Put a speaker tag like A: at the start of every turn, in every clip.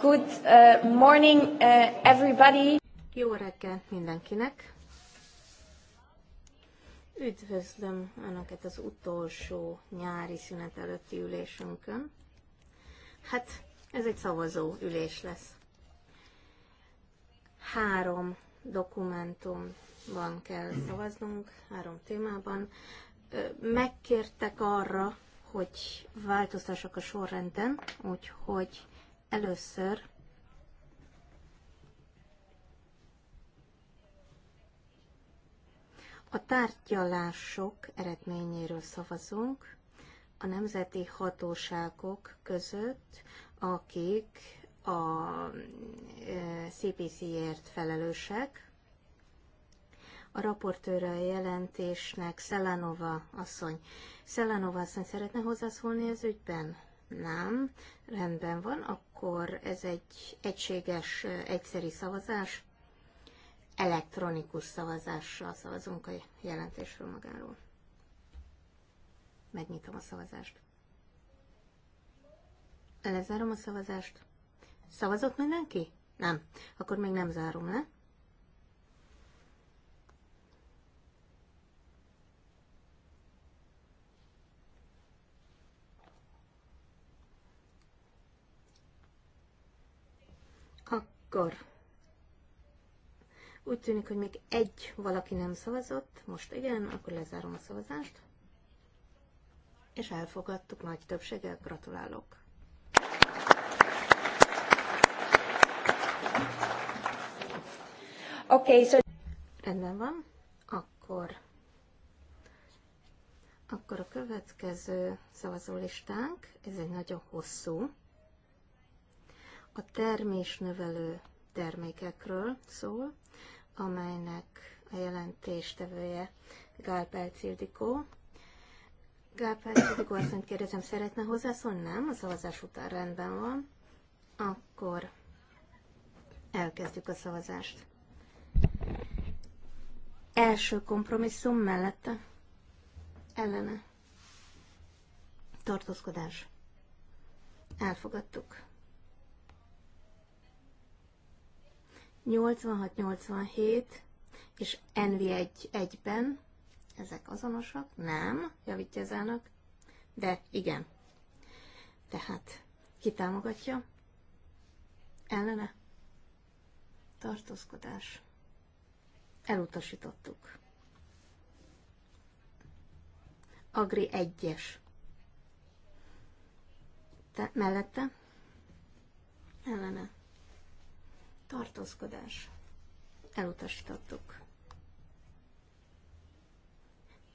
A: Good uh, morning, uh, everybody. Jó reggelt mindenkinek. Üdvözlöm Önöket az utolsó nyári szünet előtti ülésünkön. Hát, ez egy szavazó ülés lesz. Három dokumentumban kell szavaznunk, három témában. Megkértek arra, hogy változtassak a sorrenden, úgyhogy Először a tárgyalások eredményéről szavazunk a nemzeti hatóságok között, akik a e, CPC-ért felelősek. A raportőre a jelentésnek Szelanova asszony. Szelanova asszony szeretne hozzászólni az ügyben? Nem, rendben van, akkor ez egy egységes, egyszeri szavazás. Elektronikus szavazással szavazunk a jelentésről magáról. Megnyitom a szavazást. Lezárom a szavazást. Szavazott mindenki? Nem. Akkor még nem zárom le. Akkor úgy tűnik, hogy még egy valaki nem szavazott, most igen, akkor lezárom a szavazást. És elfogadtuk nagy többséggel, gratulálok! Oké, okay, so... Rendben van, akkor... Akkor a következő szavazólistánk, ez egy nagyon hosszú, a termésnövelő termékekről szól, amelynek a jelentéstevője Gálpelc Ildikó. Gálpelc Ildikó azt kérdezem, szeretne hozzászólni? Nem, a szavazás után rendben van. Akkor elkezdjük a szavazást. Első kompromisszum mellette. Ellene. Tartózkodás. Elfogadtuk. 86-87 és nv 1 egyben. ezek azonosak? Nem, javítja az elnök, de igen. Tehát ki támogatja? Ellene? Tartózkodás. Elutasítottuk. Agri 1-es. mellette? Ellene tartózkodás. Elutasítottuk.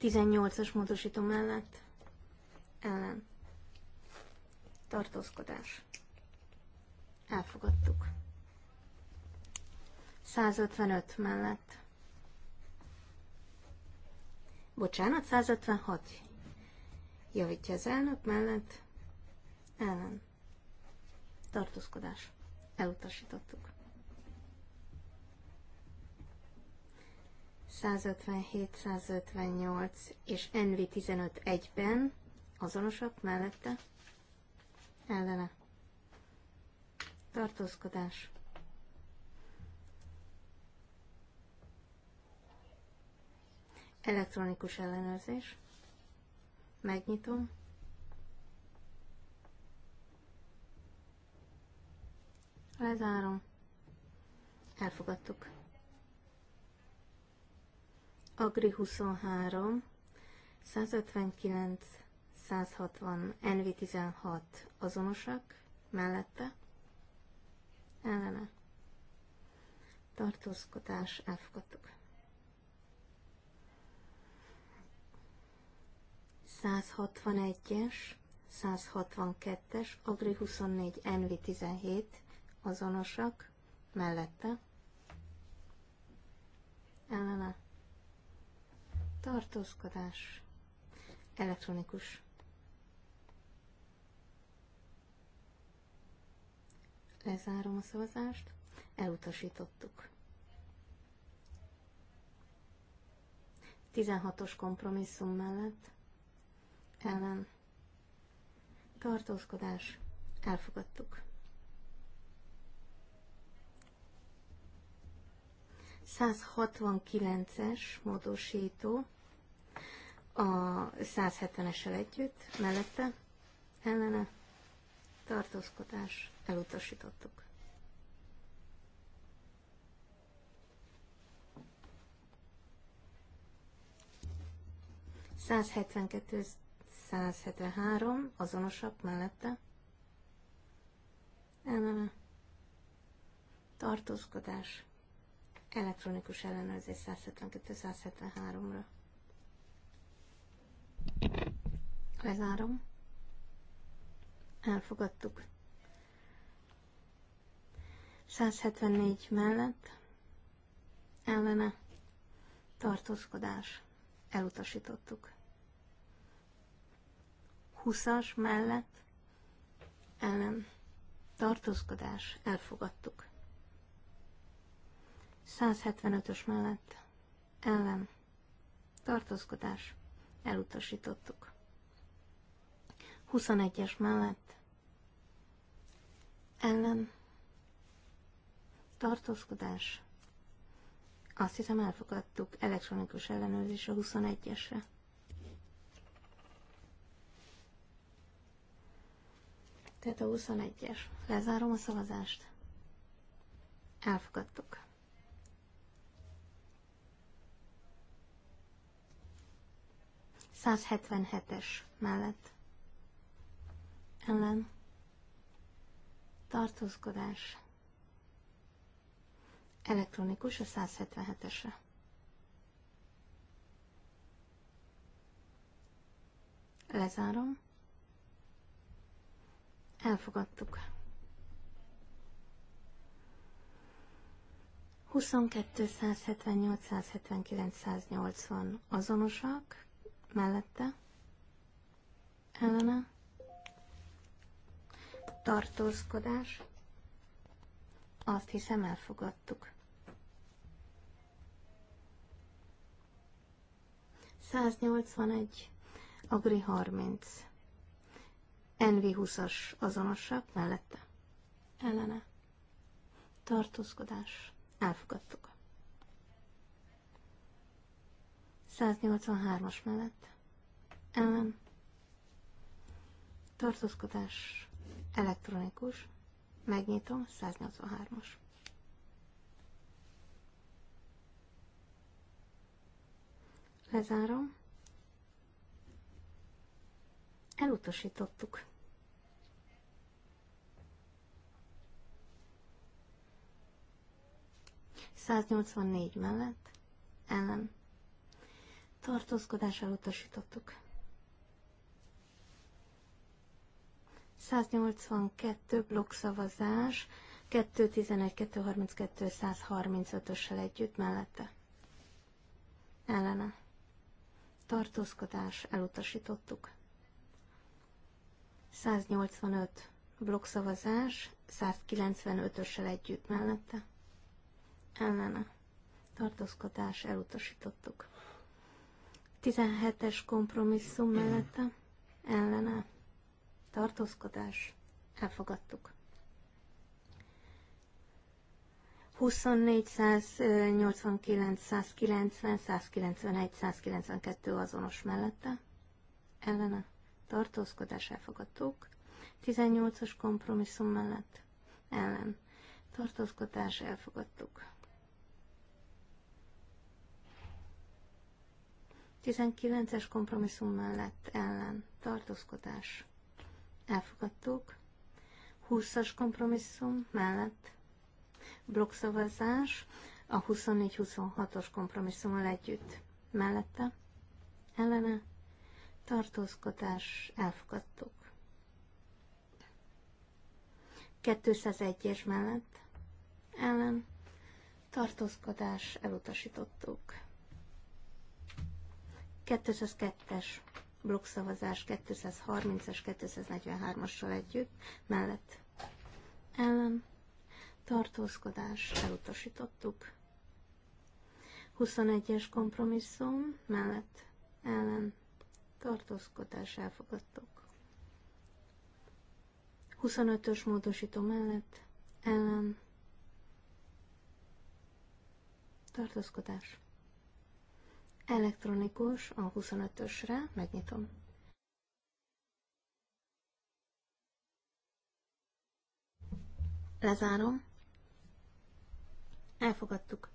A: 18-as módosító mellett ellen tartózkodás. Elfogadtuk. 155 mellett. Bocsánat, 156. Javítja az elnök mellett. Ellen. Tartózkodás. Elutasítottuk. 157, 158 és NV 15 egyben azonosak mellette ellene. Tartózkodás. Elektronikus ellenőrzés. Megnyitom. Lezárom. Elfogadtuk. Agri 23, 159, 160, NV 16 azonosak, mellette, ellene, tartózkodás, elfogadtuk. 161-es, 162-es, Agri 24, NV 17 azonosak, mellette, ellene, tartózkodás, elektronikus. Lezárom a szavazást, elutasítottuk. 16-os kompromisszum mellett ellen tartózkodás, elfogadtuk. 169-es módosító a 170-essel együtt, mellette, ellene, tartózkodás, elutasítottuk. Százhetvenkettő, 173 azonosak mellette. Ellene. Tartózkodás. Elektronikus ellenőrzés 172-173-ra. Lezárom. Elfogadtuk. 174 mellett ellene tartózkodás. Elutasítottuk. 20-as mellett ellen tartózkodás. Elfogadtuk. 175-ös mellett ellen tartózkodás elutasítottuk. 21-es mellett ellen tartózkodás. Azt hiszem elfogadtuk elektronikus ellenőrzés a 21-esre. Tehát a 21-es. Lezárom a szavazást. Elfogadtuk. 177-es mellett ellen tartózkodás elektronikus a 177-esre. Lezárom. Elfogadtuk. 22, 178, 179, 180 azonosak, mellette, ellene, tartózkodás, azt hiszem elfogadtuk. 181, Agri 30, Envi 20-as azonosak mellette, ellene, tartózkodás, elfogadtuk. 183-as mellett ellen tartózkodás elektronikus, megnyitom, 183-as. Lezárom. Elutasítottuk. négy mellett ellen tartózkodás elutasítottuk. 182 szavazás, 211, 232, 135-össel együtt mellette. Ellene. Tartózkodás elutasítottuk. 185 szavazás, 195-össel együtt mellette. Ellene. Tartózkodás elutasítottuk. 17-es kompromisszum mellette ellene tartózkodás elfogadtuk. 24, 189, 190, 191, 192 azonos mellette ellene tartózkodás elfogadtuk. 18-as kompromisszum mellett ellen tartózkodás elfogadtuk. 19-es kompromisszum mellett ellen tartózkodás. Elfogadtuk. 20-as kompromisszum mellett blokkszavazás, a 24-26-os kompromisszummal együtt mellette ellene tartózkodás elfogadtuk. 201-es mellett ellen tartózkodás elutasítottuk. 202-es blokkszavazás 230-as, 243-assal együtt, mellett ellen tartózkodás elutasítottuk. 21-es kompromisszum mellett ellen tartózkodás elfogadtuk. 25-ös módosító mellett ellen tartózkodás Elektronikus a 25-ösre, megnyitom. Lezárom. Elfogadtuk.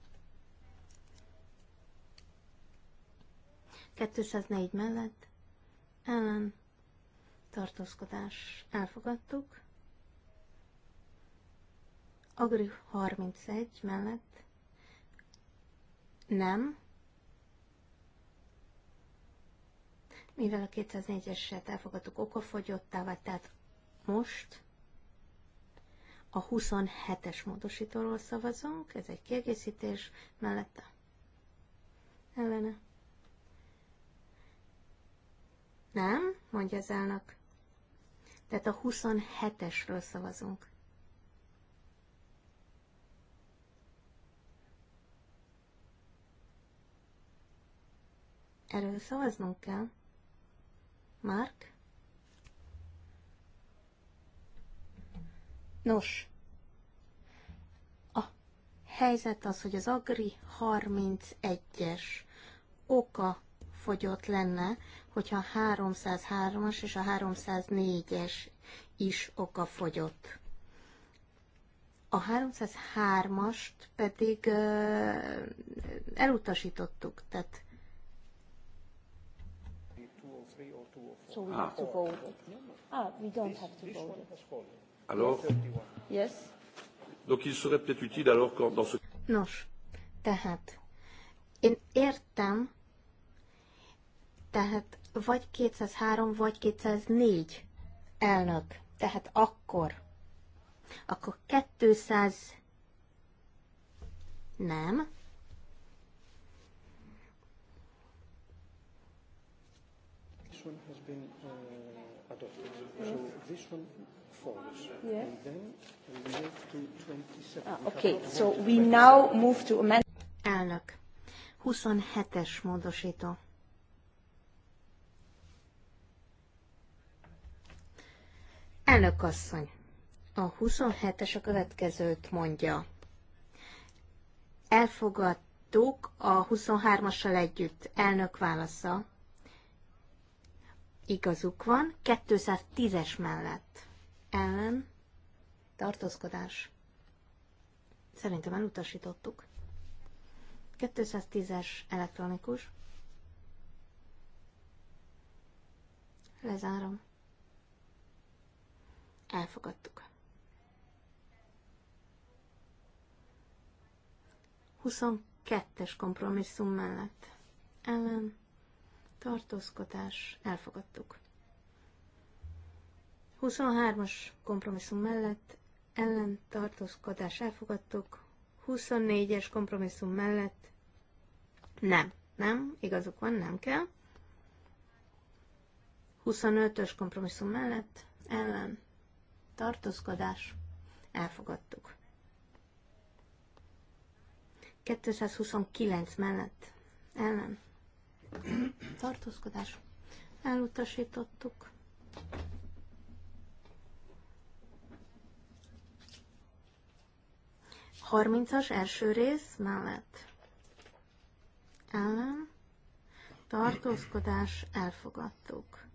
A: 204 mellett ellen tartózkodás elfogadtuk. Agri 31 mellett nem, mivel a 204-eset elfogadtuk, okafogyottá vagy, tehát most a 27-es módosítóról szavazunk, ez egy kiegészítés mellette. Ellene. Nem, mondja az elnök. Tehát a 27-esről szavazunk. Erről szavaznunk kell. Mark? Nos, a helyzet az, hogy az Agri 31-es oka fogyott lenne, hogyha a 303-as és a 304-es is oka fogyott. A 303-ast pedig ö, elutasítottuk, tehát
B: so we ah. have to ah. vote
A: it. Ah, we don't this, have to vote it. Alors Yes.
C: Donc il serait peut-être utile alors quand dans ce
A: Nos. Tehát én értem, tehát vagy 203, vagy 204 elnök. Tehát akkor, akkor 200 nem,
D: one has been uh, adopted. Yes. So this one falls. Yes. And then we move to 27. Ah, okay, so we now move
A: to amend. Elnök. 27-es módosító. Elnök asszony, a 27-es a következőt mondja. Elfogadtuk a 23-assal együtt. Elnök válasza. Igazuk van, 210-es mellett. Ellen tartózkodás. Szerintem elutasítottuk. 210-es elektronikus. Lezárom. Elfogadtuk. 22-es kompromisszum mellett. Ellen tartózkodás, elfogadtuk. 23-as kompromisszum mellett ellen tartózkodás elfogadtuk, 24-es kompromisszum mellett nem, nem, igazuk van, nem kell. 25-ös kompromisszum mellett ellen tartózkodás elfogadtuk. 229 mellett ellen tartózkodás elutasítottuk. Harmincas első rész mellett ellen tartózkodás elfogadtuk.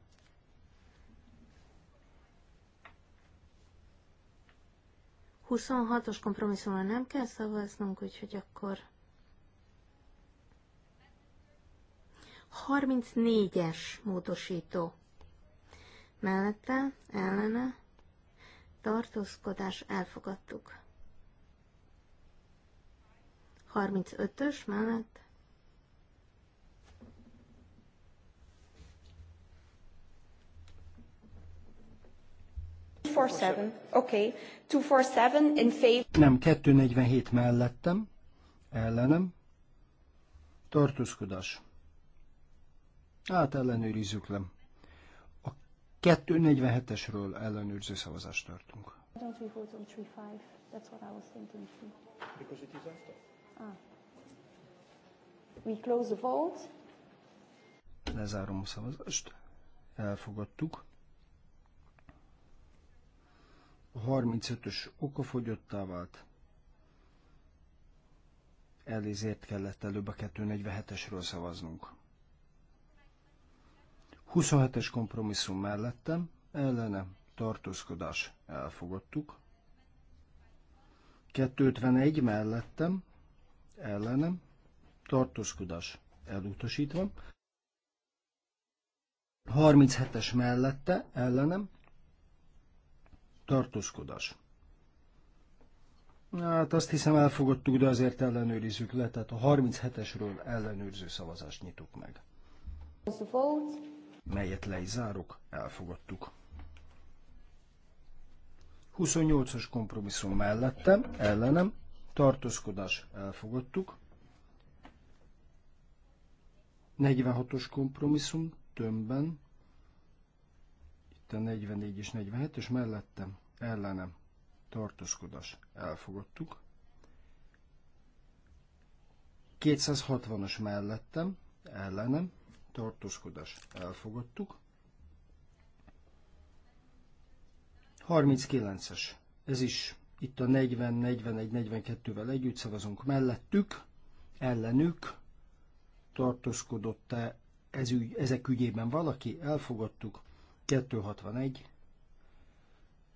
A: Huszonhatos kompromisszumra nem kell szavaznunk, úgyhogy akkor 34-es módosító. Mellette, ellene, tartózkodás elfogadtuk. 35-ös mellett
C: Okay. 247 in
D: Nem, 247 mellettem, ellenem, tartózkodás Hát ellenőrizzük le. A 247-esről ellenőrző szavazást tartunk.
B: That's what I was Because it is after. Ah.
C: We close the vote.
D: Lezárom a szavazást. Elfogadtuk. A 35-ös okafogyottá vált. Elézért kellett előbb a 247-esről szavaznunk. 27-es kompromisszum mellettem, ellene tartózkodás elfogadtuk. 251 mellettem, ellenem, tartózkodás elutasítva. 37-es mellette, ellenem, tartózkodás. Hát azt hiszem elfogadtuk, de azért ellenőrizzük le, tehát a 37-esről ellenőrző szavazást nyitok meg melyet le is zárok, elfogadtuk. 28-as kompromisszum mellettem, ellenem, tartózkodás elfogadtuk. 46-os kompromisszum tömbben, itt a 44 és 47, és mellettem, ellenem, tartózkodás elfogadtuk. 260-as mellettem, ellenem, tartózkodás elfogadtuk. 39-es, ez is itt a 40, 41, 42-vel együtt szavazunk mellettük, ellenük tartózkodott-e ez ügy, ezek ügyében valaki, elfogadtuk, 261,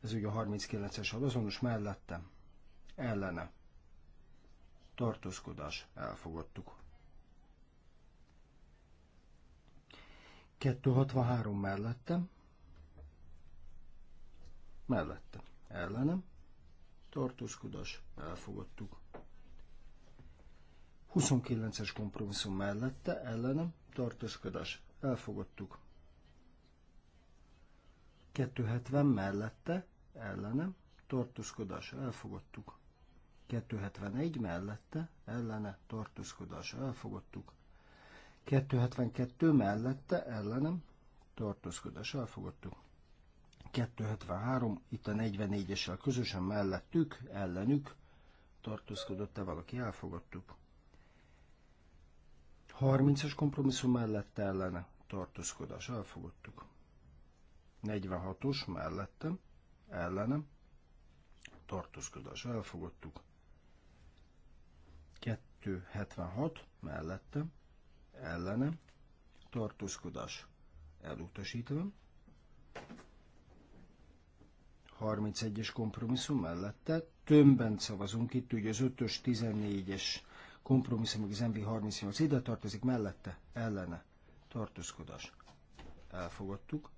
D: ez ugye a 39-es azonos mellettem, ellene, tartózkodás, elfogadtuk. 263 mellettem. Mellettem. Ellenem. Tartózkodás. Elfogadtuk. 29-es kompromisszum mellette. Ellenem. Tartózkodás. Elfogadtuk. 270 mellette. Ellenem. Tartózkodás. Elfogadtuk. 271 mellette. Ellene. Tartózkodás. Elfogadtuk. 272 mellette ellenem tartózkodás elfogadtuk. 273, itt a 44-essel közösen mellettük, ellenük tartózkodott-e valaki, elfogadtuk. 30-as kompromisszum mellette ellene tartózkodás, elfogadtuk. 46-os mellette, ellenem tartózkodás, elfogadtuk. 276 mellettem, ellene tartózkodás elutasítva. 31-es kompromisszum mellette tömbben szavazunk itt, ugye az 5-ös, 14-es kompromisszum, az MV38 ide tartozik, mellette ellene tartózkodás. Elfogadtuk.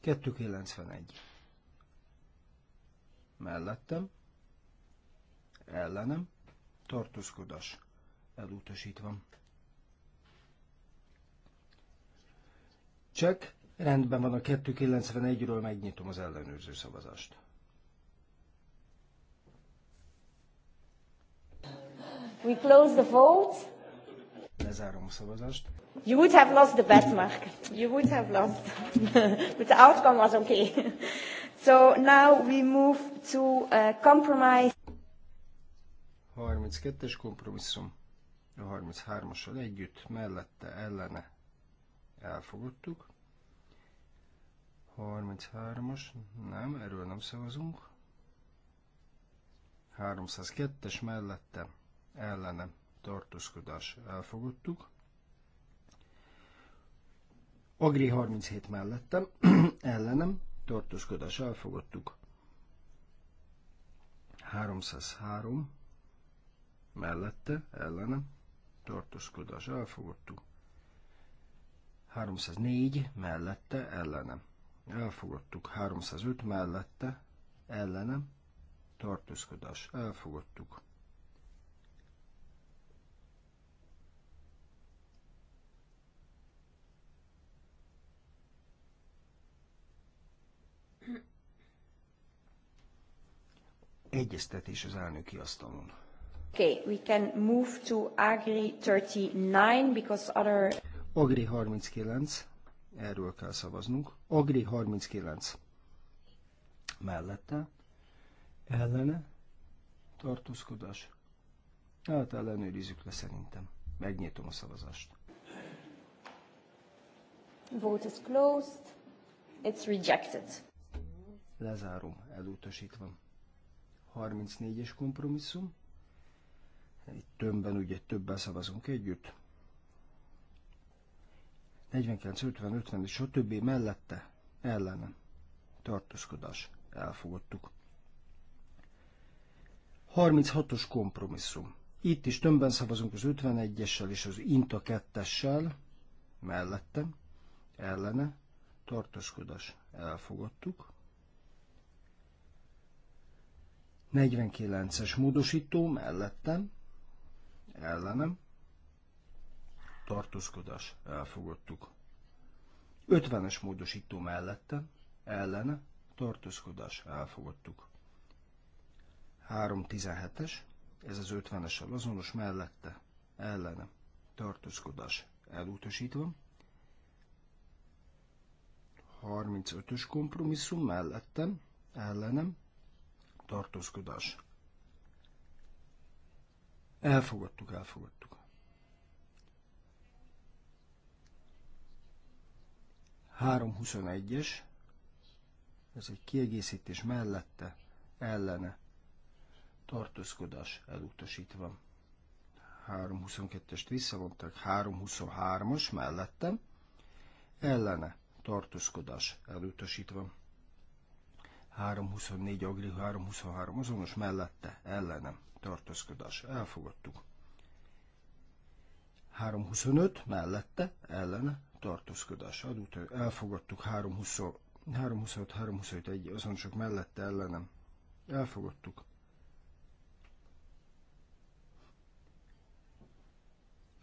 D: Kettő mellette ellenem, tartózkodás elutasítva. Csak rendben van a 291-ről, megnyitom az ellenőrző szavazást.
A: We close the
C: vote.
D: Lezárom a szavazást.
C: You would have lost the bet, Mark. You would have lost. But the outcome was okay. So now we move to a uh, compromise.
D: 32-es kompromisszum, a 33-assal együtt, mellette, ellene elfogadtuk. 33-as, nem, erről nem szavazunk. 302-es mellette, ellene tartózkodás elfogadtuk. Agri 37 mellettem, ellenem, tartózkodás elfogadtuk. 303 mellette, ellenem, tartózkodás elfogadtuk. 304 mellette, ellenem, elfogadtuk. 305 mellette, ellenem, tartózkodás elfogadtuk. Egyeztetés az elnöki asztalon.
A: Okay, we can move to Agri 39, because other...
D: Agri 39, erről kell szavaznunk. Agri 39. Mellette, ellene, tartózkodás. Hát ellenőrizzük le szerintem. Megnyitom a szavazást.
B: Vote is closed. It's rejected.
D: Lezárom, elutasítva. 34-es kompromisszum. Itt tömbben, ugye többen szavazunk együtt. 49, 50, 50 és a többi mellette ellenem. Tartózkodás. Elfogadtuk. 36-os kompromisszum. Itt is többen szavazunk az 51-essel és az INTA 2-essel mellettem, ellene, tartózkodás. Elfogadtuk. 49-es módosító mellettem, ellenem, tartózkodás, elfogadtuk. 50-es módosító mellette, ellene, tartózkodás, elfogadtuk. 317-es, ez az 50-essel azonos mellette, ellene, tartózkodás, elutasítva. 35-ös kompromisszum mellettem, ellenem, tartózkodás, Elfogadtuk, elfogadtuk. Három huszonegyes, ez egy kiegészítés mellette, ellene, tartózkodás elutasítva. 3.22-est visszavonták, 3.23-as mellette, ellene tartózkodás elutasítva. 3.24 agri, 3.23 azonos mellette, ellenem tartózkodás elfogadtuk. 325 mellette ellene tartózkodás Adult, elfogadtuk 320, 326, 321 csak mellette ellene. elfogadtuk.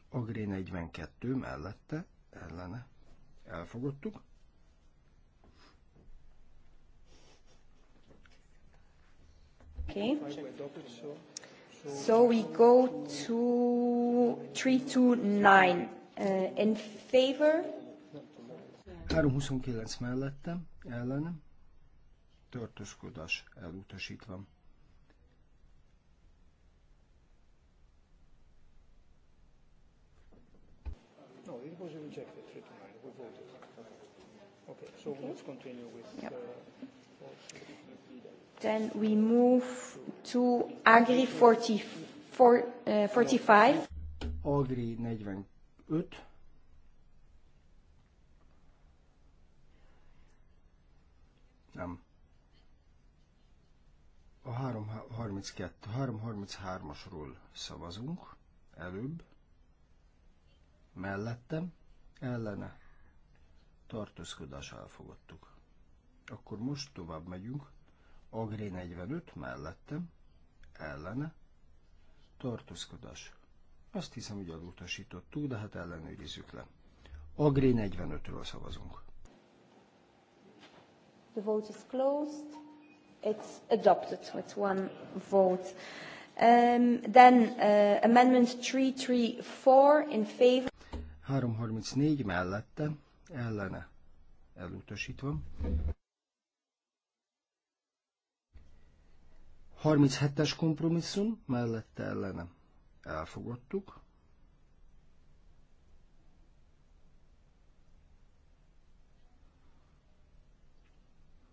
D: Agré 42 mellette ellene elfogadtuk.
A: Okay. So we go to 329 uh, in favor.
D: 329 mellettem, ellenem. Törtöskodás elutasítva. No, it was rejected, 329. We voted. Okay, so let's continue with... Uh, Then
A: we move to Agri 40, uh, 45.
D: Agri 45. Nem. A 332, 333-asról szavazunk előbb, mellettem, ellene, tartózkodás elfogadtuk. Akkor most tovább megyünk. Agri 45 mellettem, ellene, tartózkodás. Azt hiszem, hogy túl, de hát ellenőrizzük le. Agri 45-ről szavazunk.
A: The vote is closed. It's adopted with one vote. Um, then uh, amendment
C: 334 in favor.
D: 334 mellette, ellene elutasítva. 37-es kompromisszum mellette ellene elfogadtuk.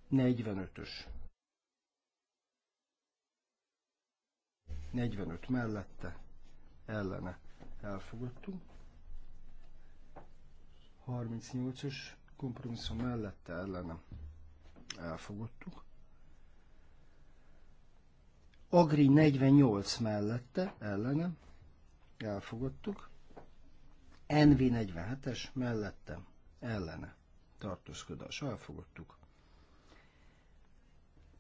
D: Negyvenötös. 45 mellette ellene elfogadtunk. 38-as kompromisszum mellette ellene elfogadtuk. Agri 48 mellette, ellenem, elfogadtuk. NV 47-es mellette, ellene, tartózkodás, elfogadtuk.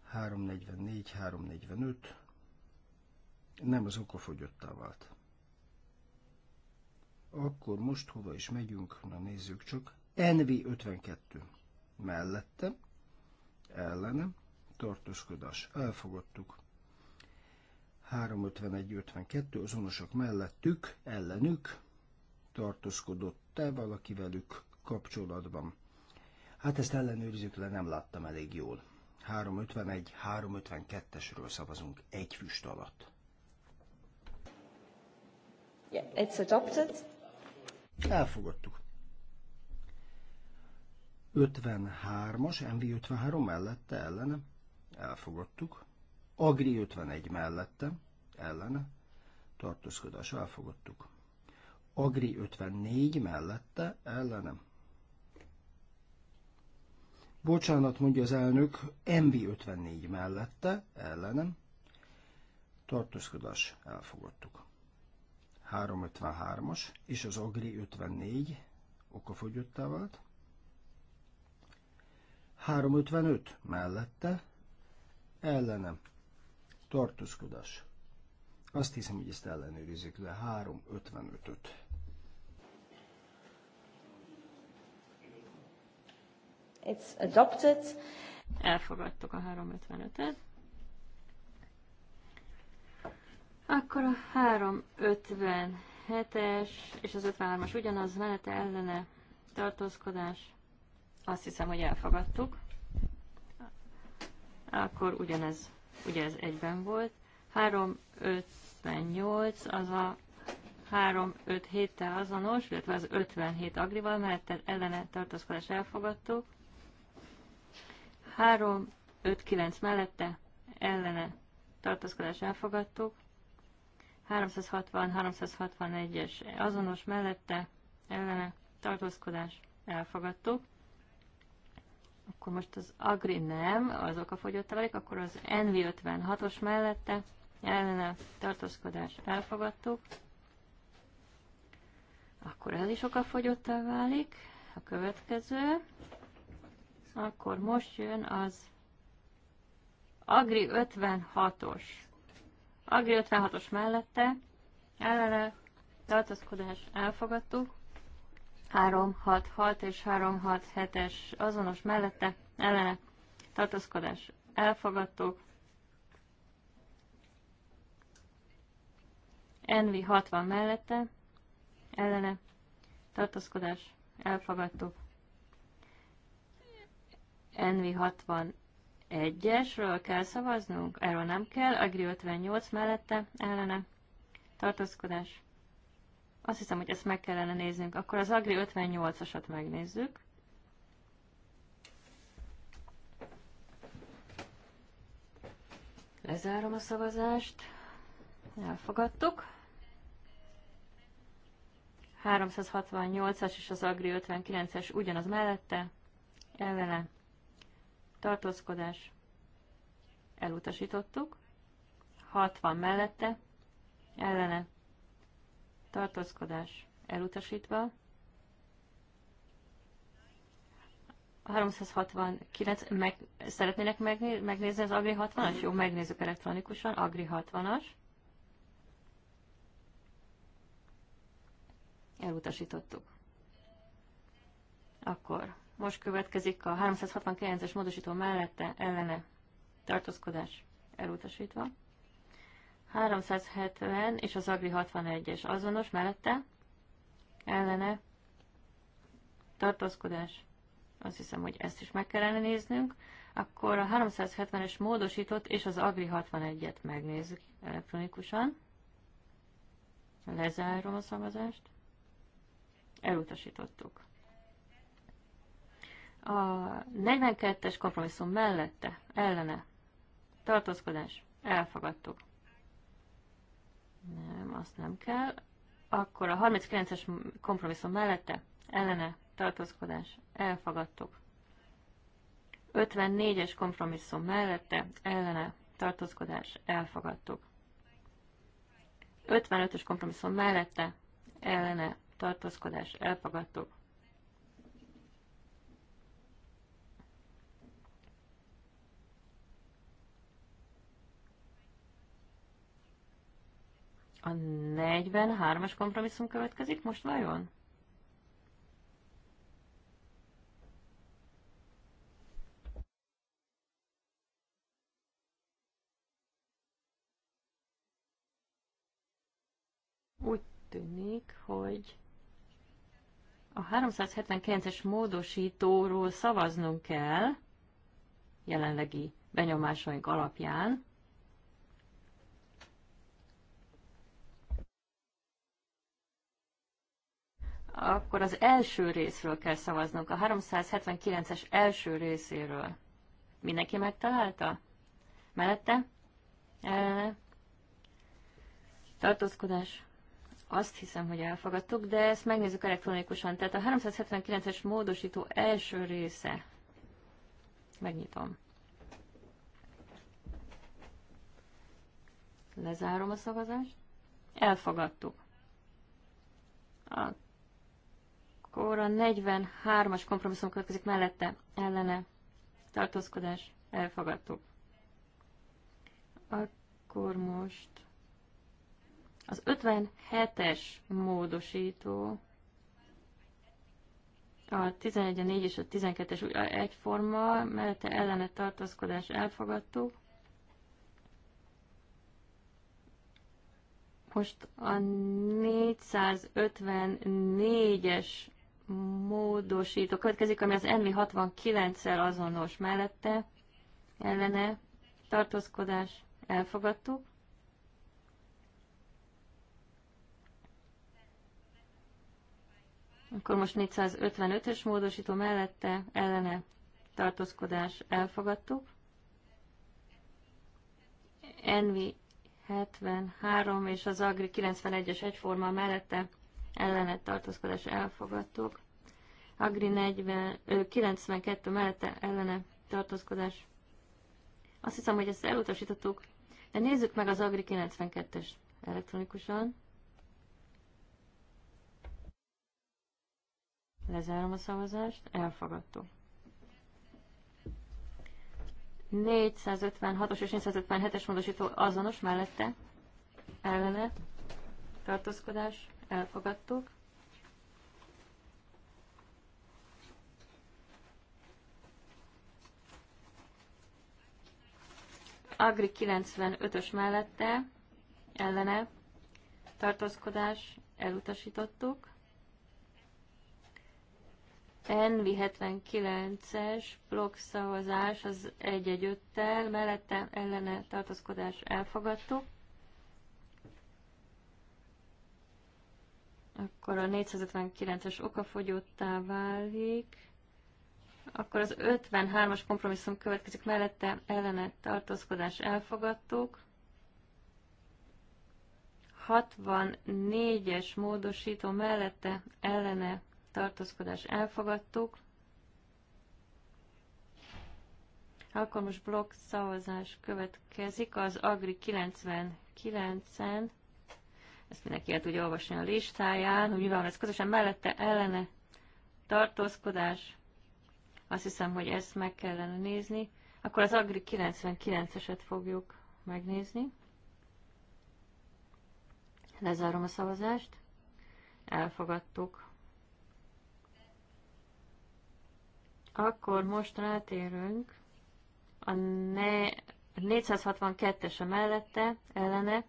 D: 344, 345, nem az fogyottá vált. Akkor most hova is megyünk, na nézzük csak. NV 52 mellette, ellenem, tartózkodás, elfogadtuk. 351-52 azonosak mellettük, ellenük tartózkodott-e valaki velük kapcsolatban. Hát ezt ellenőrizzük le, nem láttam elég jól. 351-352-esről szavazunk egy füst alatt. Yeah,
A: it's adopted.
D: Elfogadtuk. 53-as, MV53 mellette ellene. Elfogadtuk. Agri 51 mellette, ellene, tartózkodás elfogadtuk. Agri 54 mellette, ellenem. Bocsánat, mondja az elnök, MB 54 mellette, ellenem. Tartózkodás elfogadtuk. 353-as és az Agri 54 okafogyottá vált. 355 mellette, ellenem tartózkodás. Azt hiszem, hogy ezt ellenőrizzük le. 3.55-öt.
B: It's adopted. Elfogadtuk a 355-et. Akkor a 357-es és az 53-as ugyanaz menete ellene tartózkodás. Azt hiszem, hogy elfogadtuk. Akkor ugyanez ugye ez egyben volt, 358 az a 357-tel azonos, illetve az 57 agrival, mert ellene tartózkodás elfogadtuk. 359 mellette ellene tartózkodás elfogadtó. 360-361-es azonos mellette ellene tartózkodás elfogadtuk akkor most az Agri nem, azok a fogyott válik, akkor az NV56-os mellette ellene tartózkodás elfogadtuk, akkor ez is okafogyottá válik, a következő, akkor most jön az Agri 56-os. Agri 56-os mellette ellene tartózkodás elfogadtuk, 366 és 367-es azonos mellette ellene tartózkodás elfogadtuk. Envi 60 mellette ellene tartózkodás elfogadtuk. Envi 61-esről kell szavaznunk, erről nem kell, Agri 58 mellette ellene tartózkodás azt hiszem, hogy ezt meg kellene néznünk. Akkor az Agri 58-asat megnézzük. Lezárom a szavazást. Elfogadtuk. 368-as és az Agri 59-es ugyanaz mellette. Ellene. Tartózkodás. Elutasítottuk. 60 mellette. Ellene tartózkodás elutasítva. 369, meg, szeretnének megné, megnézni az Agri 60-as? Jó, megnézzük elektronikusan, Agri 60-as. Elutasítottuk. Akkor most következik a 369-es módosító mellette ellene tartózkodás elutasítva. 370 és az Agri 61-es azonos mellette, ellene, tartózkodás. Azt hiszem, hogy ezt is meg kellene néznünk. Akkor a 370-es módosított és az Agri 61-et megnézzük elektronikusan. Lezárom a szavazást. Elutasítottuk. A 42-es kompromisszum mellette, ellene, tartózkodás, elfogadtuk. Nem, azt nem kell. Akkor a 39-es kompromisszum mellette ellene tartózkodás elfogadtuk. 54-es kompromisszum mellette ellene tartózkodás elfogadtuk. 55-ös kompromisszum mellette ellene tartózkodás elfogadtuk. A 43-as kompromisszum következik most vajon? Úgy tűnik, hogy a 379-es módosítóról szavaznunk kell jelenlegi benyomásaink alapján. Akkor az első részről kell szavaznunk, a 379-es első részéről. Mindenki megtalálta? Mellette? Ellene? Tartózkodás? Azt hiszem, hogy elfogadtuk, de ezt megnézzük elektronikusan. Tehát a 379-es módosító első része. Megnyitom. Lezárom a szavazást. Elfogadtuk. Akkor a 43-as kompromisszum következik mellette, ellene, tartózkodás, elfogadtuk. Akkor most az 57-es módosító, a 11, a 4 és a 12-es egyforma, mellette ellene tartózkodás elfogadtuk. Most a 454-es módosító következik, ami az NV 69 szel azonos mellette ellene tartózkodás elfogadtuk. Akkor most 455-ös módosító mellette ellene tartózkodás elfogadtuk. Envi 73 és az Agri 91-es egyforma mellette ellenet tartózkodás elfogadtuk. Agri 40, 92 mellette ellene tartózkodás. Azt hiszem, hogy ezt elutasítottuk, de nézzük meg az Agri 92-es elektronikusan. Lezárom a szavazást, elfogadtuk. 456-os és 457-es módosító azonos mellette ellene tartózkodás elfogadtuk. Agri 95-ös mellette ellene tartózkodás elutasítottuk. Envi 79-es blokkszavazás az 1 1 tel mellette ellene tartózkodás elfogadtuk. akkor a 459-es okafogyottá válik, akkor az 53-as kompromisszum következik mellette ellene tartózkodás elfogadtuk. 64-es módosító mellette ellene tartózkodás elfogadtuk. Akkor most blokk szavazás következik az Agri 99-en mindenki el tudja olvasni a listáján, hogy mivel van ez közösen mellette ellene tartózkodás. Azt hiszem, hogy ezt meg kellene nézni. Akkor az Agri 99-eset fogjuk megnézni. Lezárom a szavazást. Elfogadtuk. Akkor most rátérünk a ne, 462-ese mellette ellene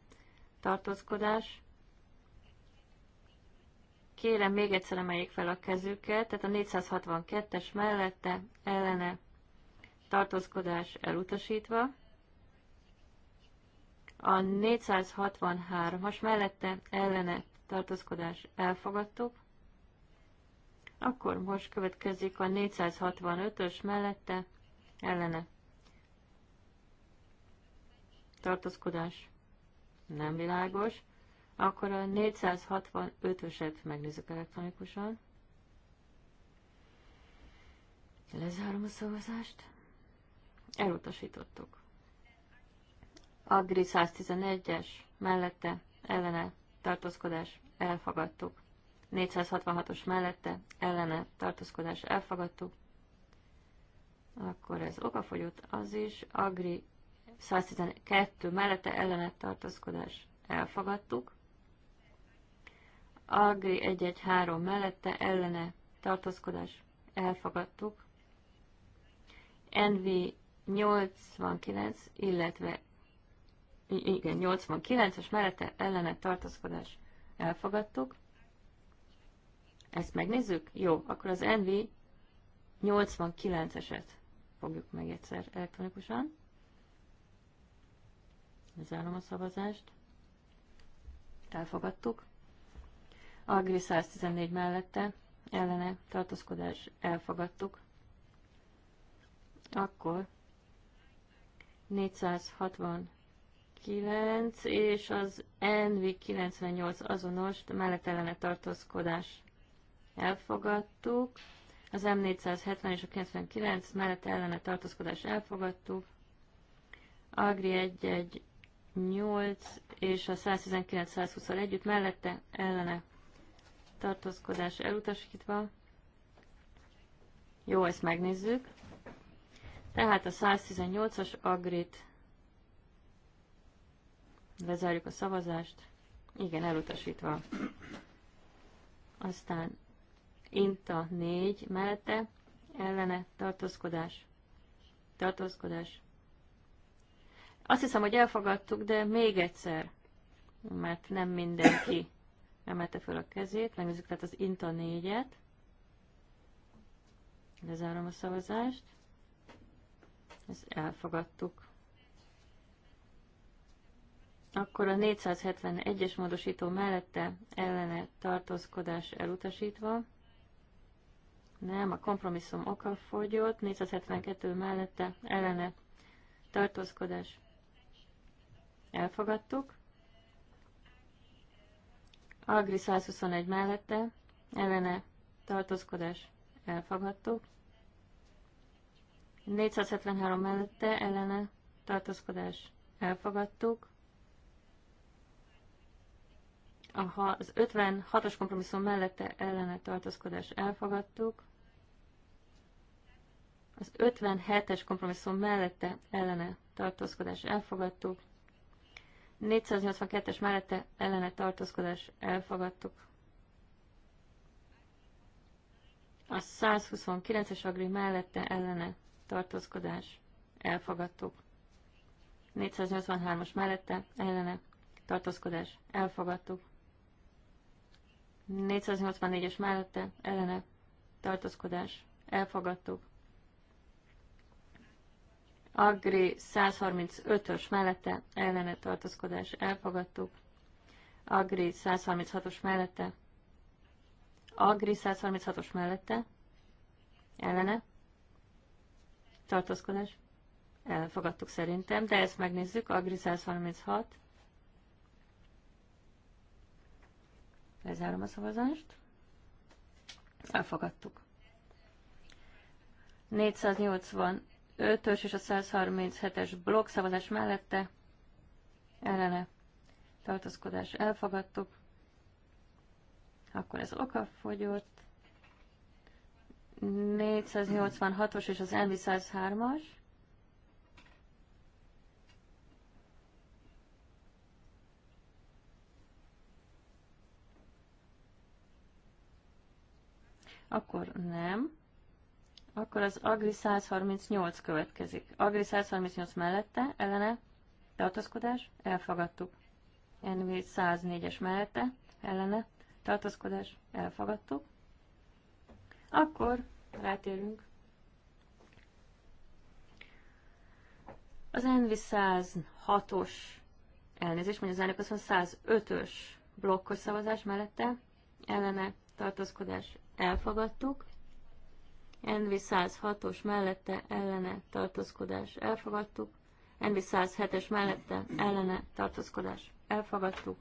B: tartózkodás Kérem, még egyszer emeljék fel a kezüket, tehát a 462-es mellette ellene tartózkodás elutasítva. A 463-as mellette ellene tartózkodás elfogadtuk. Akkor most következik a 465-ös mellette ellene tartózkodás nem világos. Akkor a 465-öset megnézzük elektronikusan. Lezárom a szavazást. Elutasítottuk. Agri 111-es mellette ellene tartózkodás elfogadtuk. 466-os mellette ellene tartózkodás elfogadtuk. Akkor ez okafogyott az is. Agri 112 mellette ellene tartózkodás elfogadtuk. Agri 113 mellette ellene tartózkodás elfogadtuk. NV 89, illetve igen, 89-es mellette ellene tartózkodás elfogadtuk. Ezt megnézzük? Jó, akkor az NV 89-eset fogjuk meg egyszer elektronikusan. Lezárom a szavazást. Elfogadtuk. Agri 114 mellette ellene tartózkodás elfogadtuk. Akkor 469 és az NV 98 azonos mellett ellene tartózkodás elfogadtuk. Az M470 és a 99 mellett ellene tartózkodás elfogadtuk. Agri 118 és a 119-120 együtt mellette ellene tartózkodás elutasítva. Jó, ezt megnézzük. Tehát a 118-as agrit. Lezárjuk a szavazást. Igen, elutasítva. Aztán inta 4 mellette ellene tartózkodás. Tartózkodás. Azt hiszem, hogy elfogadtuk, de még egyszer, mert nem mindenki emelte fel a kezét, megnézzük tehát az INTA 4-et, lezárom a szavazást, ezt elfogadtuk. Akkor a 471-es módosító mellette ellene tartózkodás elutasítva, nem, a kompromisszum oka fogyott, 472 mellette ellene tartózkodás elfogadtuk. Agri 121 mellette, ellene tartózkodás elfogadtuk. 473 mellette, ellene tartózkodás elfogadtuk. Aha, az 56-os kompromisszum mellette ellene tartózkodás elfogadtuk. Az 57-es kompromisszum mellette ellene tartózkodás elfogadtuk. 482-es mellette ellene tartózkodás elfogadtuk. A 129-es agri mellette ellene tartózkodás elfogadtuk. 483-as mellette ellene tartózkodás elfogadtuk. 484-es mellette ellene tartózkodás elfogadtuk. Agri 135-ös mellette ellene tartózkodás elfogadtuk. Agri 136-os mellette. Agri 136-os mellette. Ellene. Tartózkodás. Elfogadtuk szerintem, de ezt megnézzük. Agri 136. Lezárom a szavazást. Elfogadtuk. 480 5-ös és a 137-es blokk szavazás mellette ellene tartózkodás elfogadtuk, akkor ez oka fogyott. 486-os és az NV 103-as. Akkor nem. Akkor az Agri 138 következik. Agri 138 mellette, ellene, tartózkodás, elfogadtuk. NV 104-es mellette, ellene, tartózkodás, elfogadtuk. Akkor rátérünk. Az NV 106-os elnézést, mondja az elnök, azt mondja 105-ös blokkos szavazás mellette, ellene tartózkodás elfogadtuk. NV 106-os mellette ellene tartózkodás elfogadtuk, NV 107-es mellette ellene tartózkodás elfogadtuk,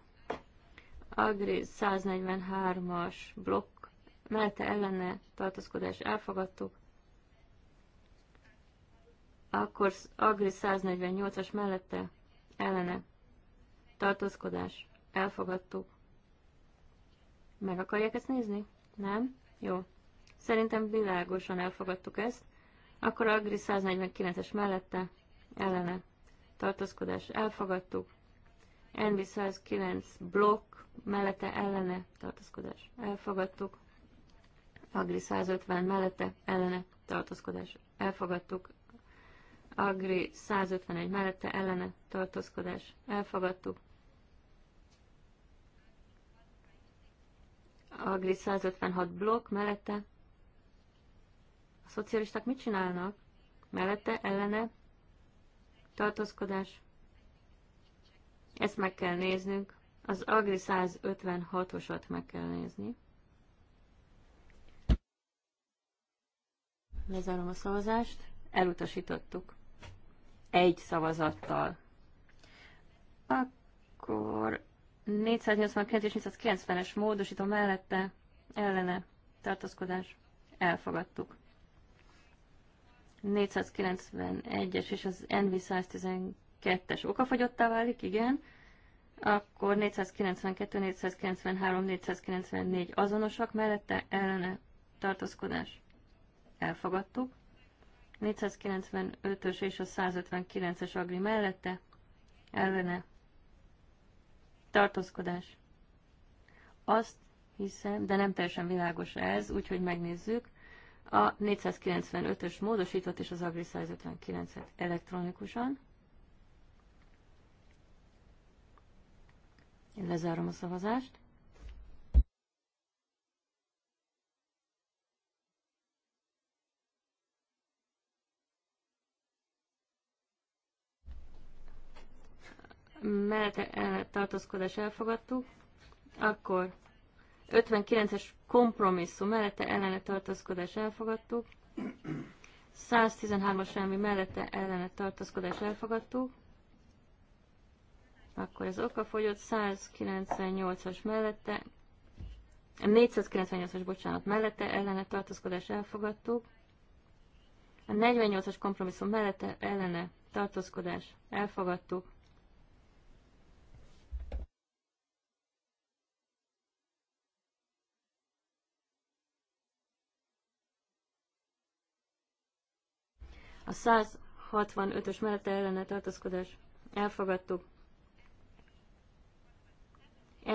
B: Agri 143-as blokk mellette ellene tartózkodás elfogadtuk, akkor Agri 148-as mellette ellene tartózkodás elfogadtuk. Meg akarják ezt nézni? Nem? Jó. Szerintem világosan elfogadtuk ezt. Akkor Agri 149-es mellette ellene tartózkodás elfogadtuk. NV 109 blokk mellette ellene tartózkodás elfogadtuk. Agri 150 mellette ellene tartózkodás elfogadtuk. Agri 151 mellette ellene tartózkodás elfogadtuk. Agri 156 blokk mellette a szocialisták mit csinálnak? Mellette, ellene, tartózkodás. Ezt meg kell néznünk. Az Agri 156-osat meg kell nézni. Lezárom a szavazást. Elutasítottuk. Egy szavazattal. Akkor 482 és 490-es módosító mellette ellene tartózkodás. Elfogadtuk. 491-es és az NV 112-es okafogyottá válik, igen, akkor 492, 493, 494 azonosak mellette ellene tartózkodás. Elfogadtuk. 495-ös és a 159-es agri mellette ellene tartózkodás. Azt hiszem, de nem teljesen világos ez, úgyhogy megnézzük a 495-ös módosított és az Agri 159-et elektronikusan. Én lezárom a szavazást. Mellette eh, tartózkodás elfogadtuk, akkor 59-es kompromisszum mellette ellene tartózkodás elfogadtuk. 113-as elmi mellette ellene tartózkodás elfogadtuk. Akkor ez fogyott 198-as mellette 498-as, bocsánat, mellette ellene tartózkodás elfogadtuk. A 48-as kompromisszum mellette ellene tartózkodás elfogadtuk. A 165-ös mellette ellene tartózkodás elfogadtuk.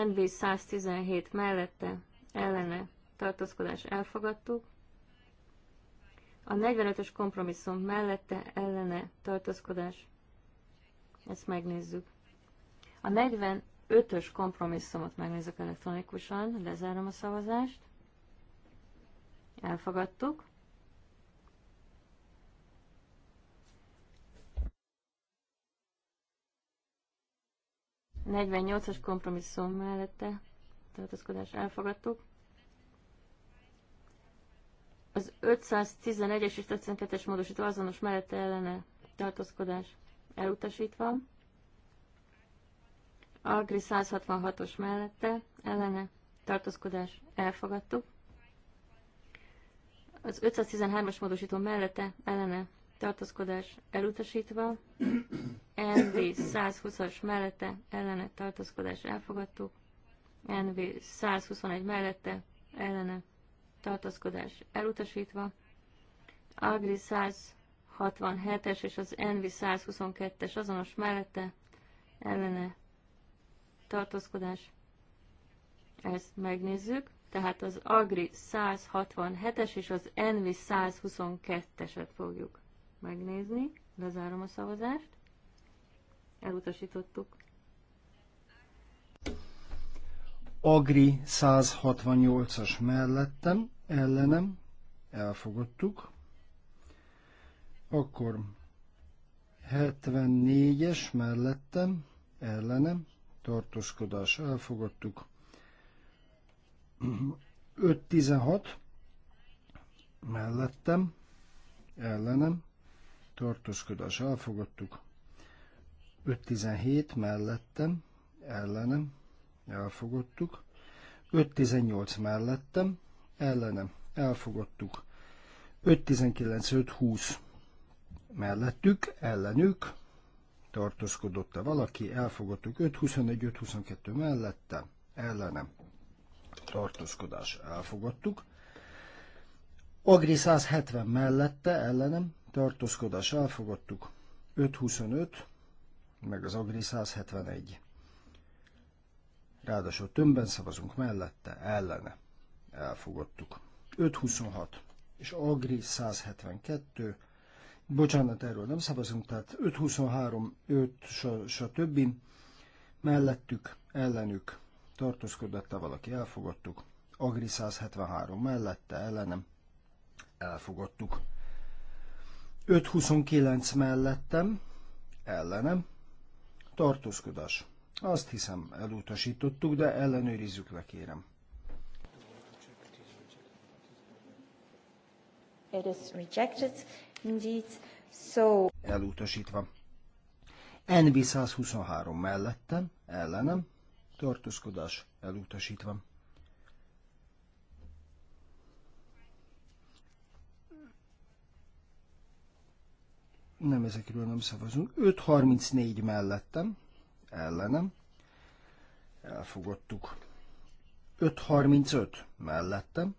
B: NB 117 mellette ellene tartózkodás elfogadtuk. A 45-ös kompromisszum mellette ellene tartózkodás, ezt megnézzük. A 45-ös kompromisszumot megnézzük elektronikusan, lezárom a szavazást. Elfogadtuk. 48-as kompromisszum mellette tartozkodás elfogadtuk. Az 511-es és 512-es módosító azonos mellette ellene tartózkodás elutasítva. Agri 166-os mellette ellene tartózkodás elfogadtuk. Az 513-as módosító mellette ellene tartózkodás elutasítva, NV 120-as mellette ellene tartózkodás elfogadtuk, NV 121 mellette ellene tartózkodás elutasítva, Agri 167-es és az NV 122-es azonos mellette ellene tartózkodás. Ezt megnézzük. Tehát az Agri 167-es és az Envi 122-eset fogjuk megnézni, lezárom a szavazást, elutasítottuk.
D: Agri 168-as mellettem, ellenem, elfogadtuk. Akkor 74-es mellettem, ellenem, tartózkodás, elfogadtuk. 516 mellettem, ellenem, tartózkodás elfogadtuk. 517 mellettem, ellenem, elfogadtuk. 518 mellettem, ellenem, elfogadtuk. 519-520 mellettük, ellenük, tartózkodott-e valaki, elfogadtuk 521 522 mellettem, ellenem tartózkodás elfogadtuk. Agri 170 mellette, ellenem tartózkodás elfogadtuk, 525, meg az Agri 171. Ráadásul tömbben szavazunk mellette, ellene. Elfogadtuk. 526 és Agri 172. Bocsánat, erről nem szavazunk, tehát 523, 5 stb. Mellettük, ellenük tartózkodatta valaki, elfogadtuk. Agri 173 mellette, ellenem, elfogadtuk. 5-29 mellettem, ellenem, tartózkodás. Azt hiszem, elutasítottuk, de ellenőrizzük le, kérem.
A: It is rejected, indeed. So...
D: Elutasítva. NB 123 mellettem, ellenem, tartózkodás elutasítva. nem ezekről nem szavazunk. 5.34 mellettem, ellenem, elfogadtuk. 5.35 mellettem,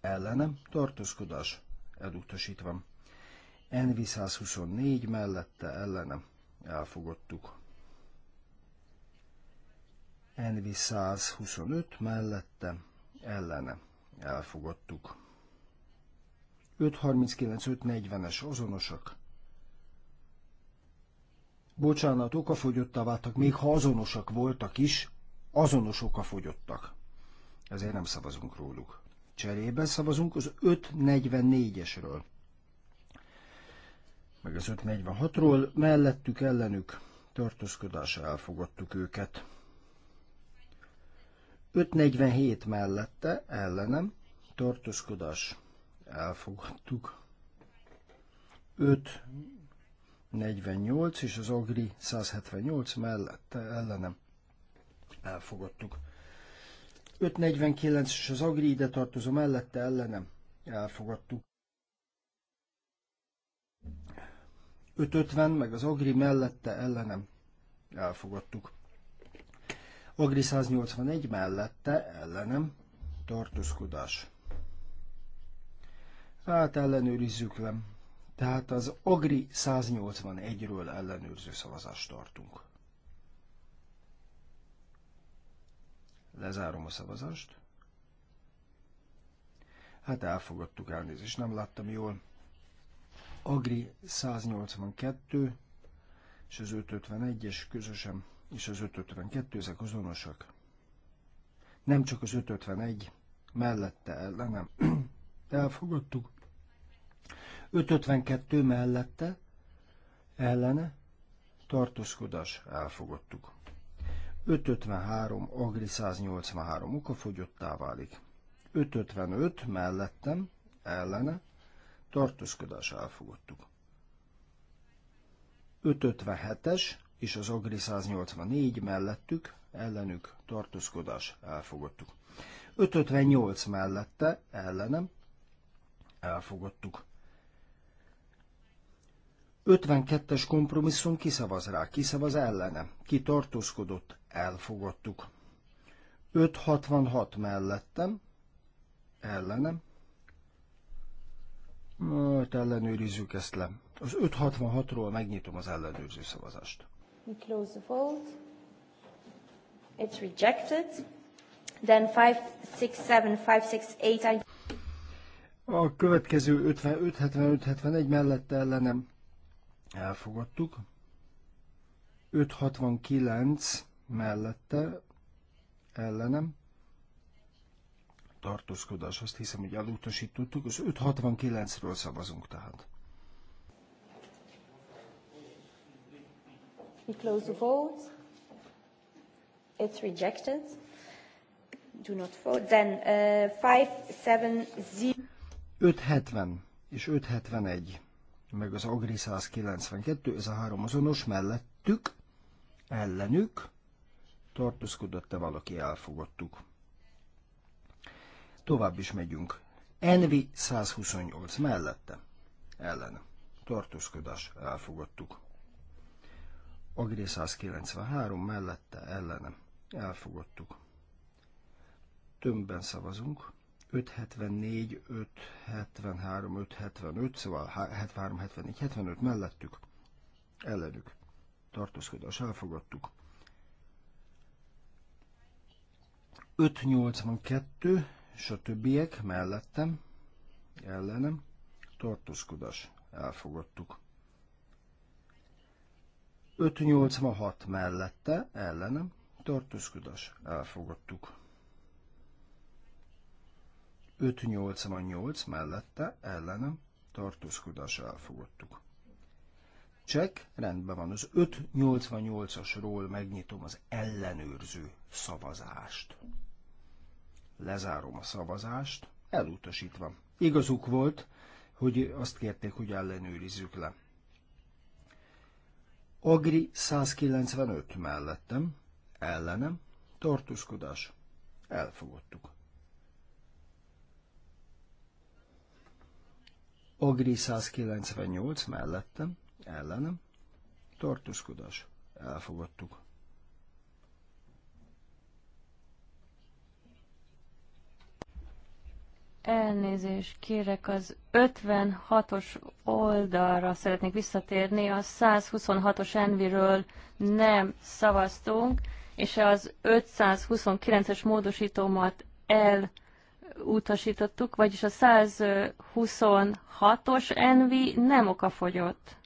D: ellenem, tartózkodás, elutasítva. NV 124 mellette, ellenem, elfogadtuk. NV 125 mellette, ellenem, elfogadtuk. 539-540-es azonosak bocsánat, okafogyottá váltak, még ha azonosak voltak is, azonos okafogyottak. Ezért nem szavazunk róluk. Cserében szavazunk az 544-esről. Meg az 546-ról, mellettük ellenük tartózkodásra elfogadtuk őket. 547 mellette ellenem tartózkodás elfogadtuk. 5 48 és az Agri 178 mellette ellenem elfogadtuk. 549 és az Agri ide tartozó mellette ellenem elfogadtuk. 550 meg az Agri mellette ellenem elfogadtuk. Agri 181 mellette ellenem tartózkodás. Hát ellenőrizzük le. Tehát az Agri 181-ről ellenőrző szavazást tartunk. Lezárom a szavazást. Hát elfogadtuk elnézést, nem láttam jól. Agri 182 és az 551-es közösen, és az 552, ezek azonosak. Nem csak az 551, mellette ellenem. Elfogadtuk. 552 mellette ellene tartózkodás elfogadtuk. 553 Agri 183 okafogyottá válik. 555 mellettem ellene tartózkodás elfogadtuk. 557-es és az Agri 184 mellettük ellenük tartózkodás elfogadtuk. 558 mellette ellenem elfogadtuk. 52-es kompromisszum kiszavaz rá, kiszavaz ellene, ki tartózkodott, elfogadtuk. 566 mellettem, ellenem, majd ellenőrizzük ezt le. Az 566-ról megnyitom az ellenőrző szavazást.
A: We close the vote. It's rejected. Then 567, 568. I...
D: A következő 55, 75, 71 mellette ellenem elfogadtuk. 569 mellette ellenem tartózkodás, azt hiszem, hogy elutasítottuk, az 569-ről szavazunk tehát.
A: We close the vote. It's rejected. Do not vote. Then uh, 570.
D: 570 és 571 meg az Agri 192, ez a három azonos, mellettük, ellenük, tartózkodott-e valaki, elfogadtuk. Tovább is megyünk. Envi 128 mellette, ellen, tartózkodás, elfogadtuk. Agri 193 mellette, ellenem, elfogadtuk. Tömbben szavazunk. 574, 573, 575, szóval 73, 74, 75 mellettük, ellenük tartózkodás elfogadtuk. 582 és a többiek mellettem, ellenem, tartózkodás elfogadtuk. 586 mellette, ellenem, tartózkodás elfogadtuk. 588 mellette ellenem tartózkodás elfogadtuk. Csek, rendben van, az 588-asról megnyitom az ellenőrző szavazást. Lezárom a szavazást, elutasítva. Igazuk volt, hogy azt kérték, hogy ellenőrizzük le. Agri 195 mellettem, ellenem, tartózkodás, elfogadtuk. Ogri 198 mellettem, ellenem, tartózkodás, elfogadtuk.
B: Elnézés, kérek, az 56-os oldalra szeretnék visszatérni, a 126-os enviről nem szavaztunk, és az 529-es módosítómat el utasítottuk, vagyis a 126-os envi nem okafogyott.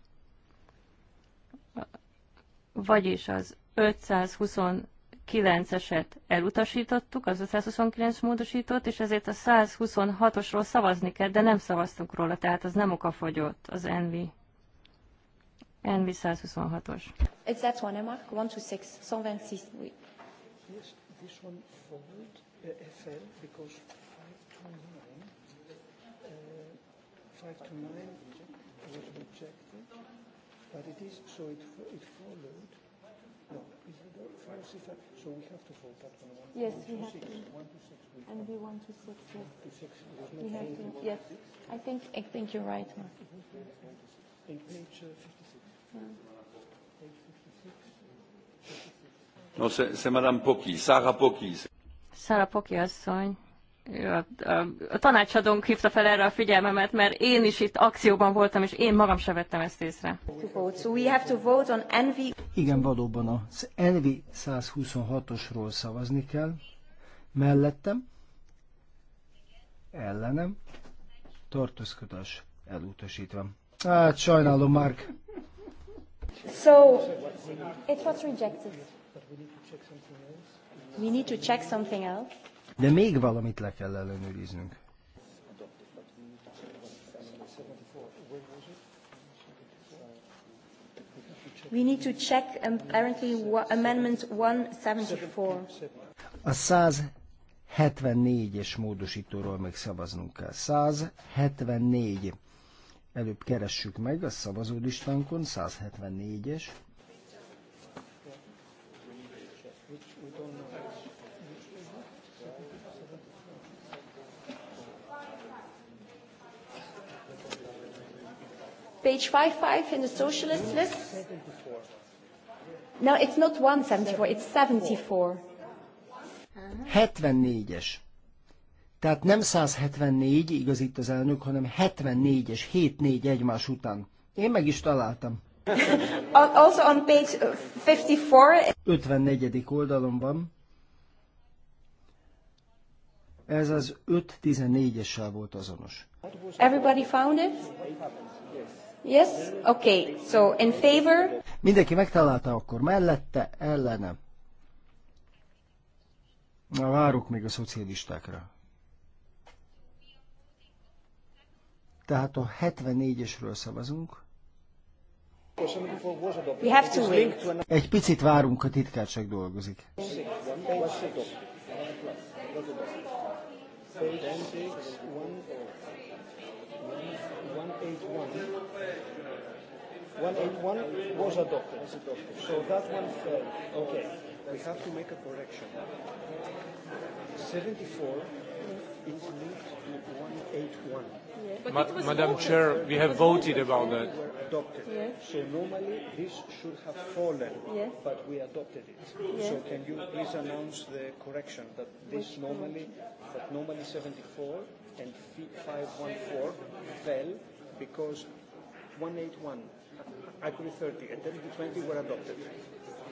B: Vagyis az 529-eset elutasítottuk, az 529 módosított, és ezért a 126-osról szavazni kell, de nem szavaztunk róla, tehát az nem okafogyott az envi. Envi 126-os.
A: It's that one, Emma. 126, 126, oui.
D: Yes, this one forward, uh, FL, because Five to nine was rejected, but it is so it it followed. No, is it five six? Five, so we have to vote that one. one yes, one we have six, to. One to six. We and we want to six. Yes. One to six. we have to. Yes,
B: I think I think you're right, Mark.
D: In page uh, 56. Yeah.
B: Page No, c'est Madame Pocky, Sarah Pocky. Sarah Pocky asszony a, a, tanácsadónk hívta fel erre a figyelmemet, mert én is itt akcióban voltam, és én magam sem vettem ezt észre.
D: Igen, valóban az Envi 126-osról szavazni kell. Mellettem, ellenem, tartózkodás elutasítva. Hát sajnálom, Mark. So, it was rejected.
B: We need to check something
C: else.
D: De még valamit le kell ellenőriznünk. We need to check um,
A: apparently amendment 174.
D: A 174-es módosítóról még szavaznunk kell. 174. Előbb keressük meg a szavazólistánkon, 174-es.
A: Page 55 in the socialist list? No, it's not 174, it's 74.
D: 74-es. Tehát nem 174, igazít az elnök, hanem 74-es, 7-4 egymás után. Én meg is találtam.
C: Also on page 54.
D: 54. oldalon van. Ez az 5-14-essel volt azonos.
C: Everybody found it?
A: Yes? Okay. So in favor?
D: Mindenki megtalálta akkor mellette, ellene. Na, várok még a szocialistákra. Tehát a 74-esről szavazunk.
A: We have to wait.
D: Egy picit várunk, a titkárság dolgozik. Page
A: one. 181 was adopted. Was adopted. So that one fell. Okay.
D: We have to make a correction. 74 is linked to 181.
A: Yeah, Ma- Madam voted. Chair,
C: we have voted about that.
D: Adopted. Yes. So normally this should have fallen, yes. but we adopted it. Yes. So can you please announce the correction that this Which normally, that normally 74 and 514 fell because 181 Agri 30 and Deputy 20 were adopted.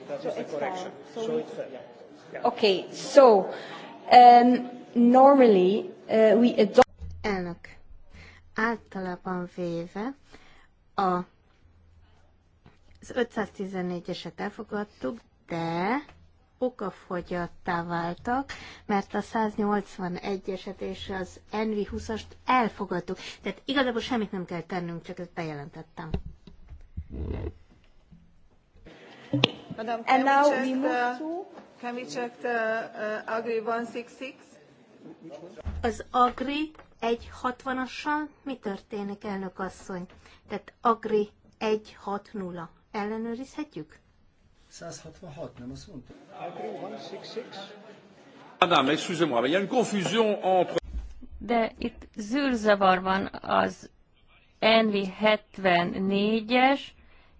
A: That so is the correction. Fair. So, so it's fair. Yeah. Yeah. Okay, so um, normally uh, we adopt... Elnök, általában véve a az 514-eset elfogadtuk, de okafogyattá váltak, mert a 181-eset és az NV20-ast elfogadtuk. Tehát igazából semmit nem kell tennünk, csak ezt bejelentettem.
C: Madam, can And now we, we move the, to... Can we check the uh, Agri 166?
A: Az Agri 160-assal mi történik, elnök asszony? Tehát Agri 160. Ellenőrizhetjük? 166, nem azt mondta? Agri 166?
C: Madame, excusez-moi, mais il y a une confusion
D: entre...
B: De itt zűrzavar van az NV 74-es,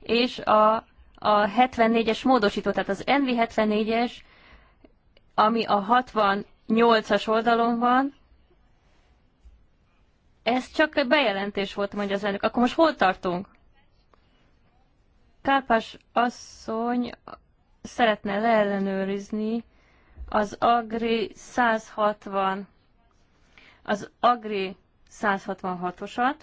B: és a, a 74-es módosító, tehát az NV74-es, ami a 68-as oldalon van, ez csak bejelentés volt, mondja az elnök. Akkor most hol tartunk? Kárpás asszony szeretne leellenőrizni az Agri 160, az Agri 166-osat.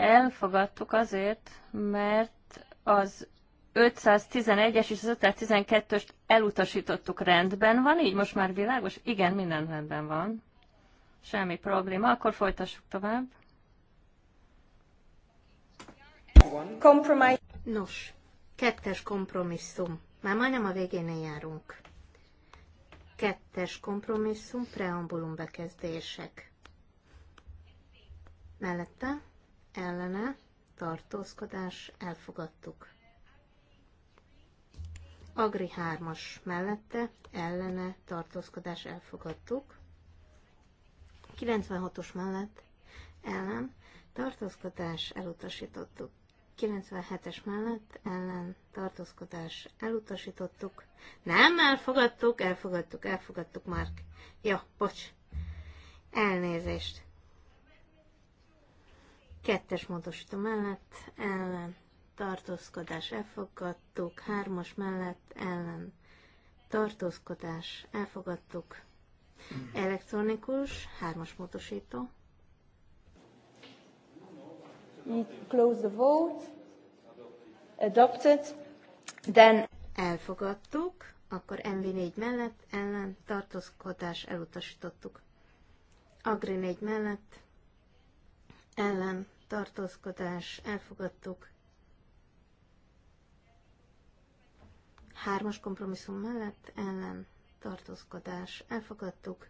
B: elfogadtuk azért, mert az 511-es és az 512-est elutasítottuk rendben. Van így most már világos? Igen, minden rendben van.
A: Semmi probléma. Akkor folytassuk tovább. Kompromiss. Nos, kettes kompromisszum. Már majdnem a végén járunk. Kettes kompromisszum, preambulum bekezdések. Mellette ellene, tartózkodás, elfogadtuk. Agri 3-as mellette, ellene, tartózkodás, elfogadtuk. 96-os mellett, ellen, tartózkodás, elutasítottuk. 97-es mellett, ellen, tartózkodás, elutasítottuk. Nem, elfogadtuk, elfogadtuk, elfogadtuk már. Ja, bocs. Elnézést. Kettes módosító mellett ellen tartózkodás elfogadtuk, hármas mellett ellen tartózkodás elfogadtuk, elektronikus, hármas módosító. Close the vote. Adopted. Then elfogadtuk, akkor MV4 mellett ellen tartózkodás elutasítottuk. Agri 4 mellett ellen tartózkodás elfogadtuk. Hármas kompromisszum mellett ellen tartózkodás elfogadtuk.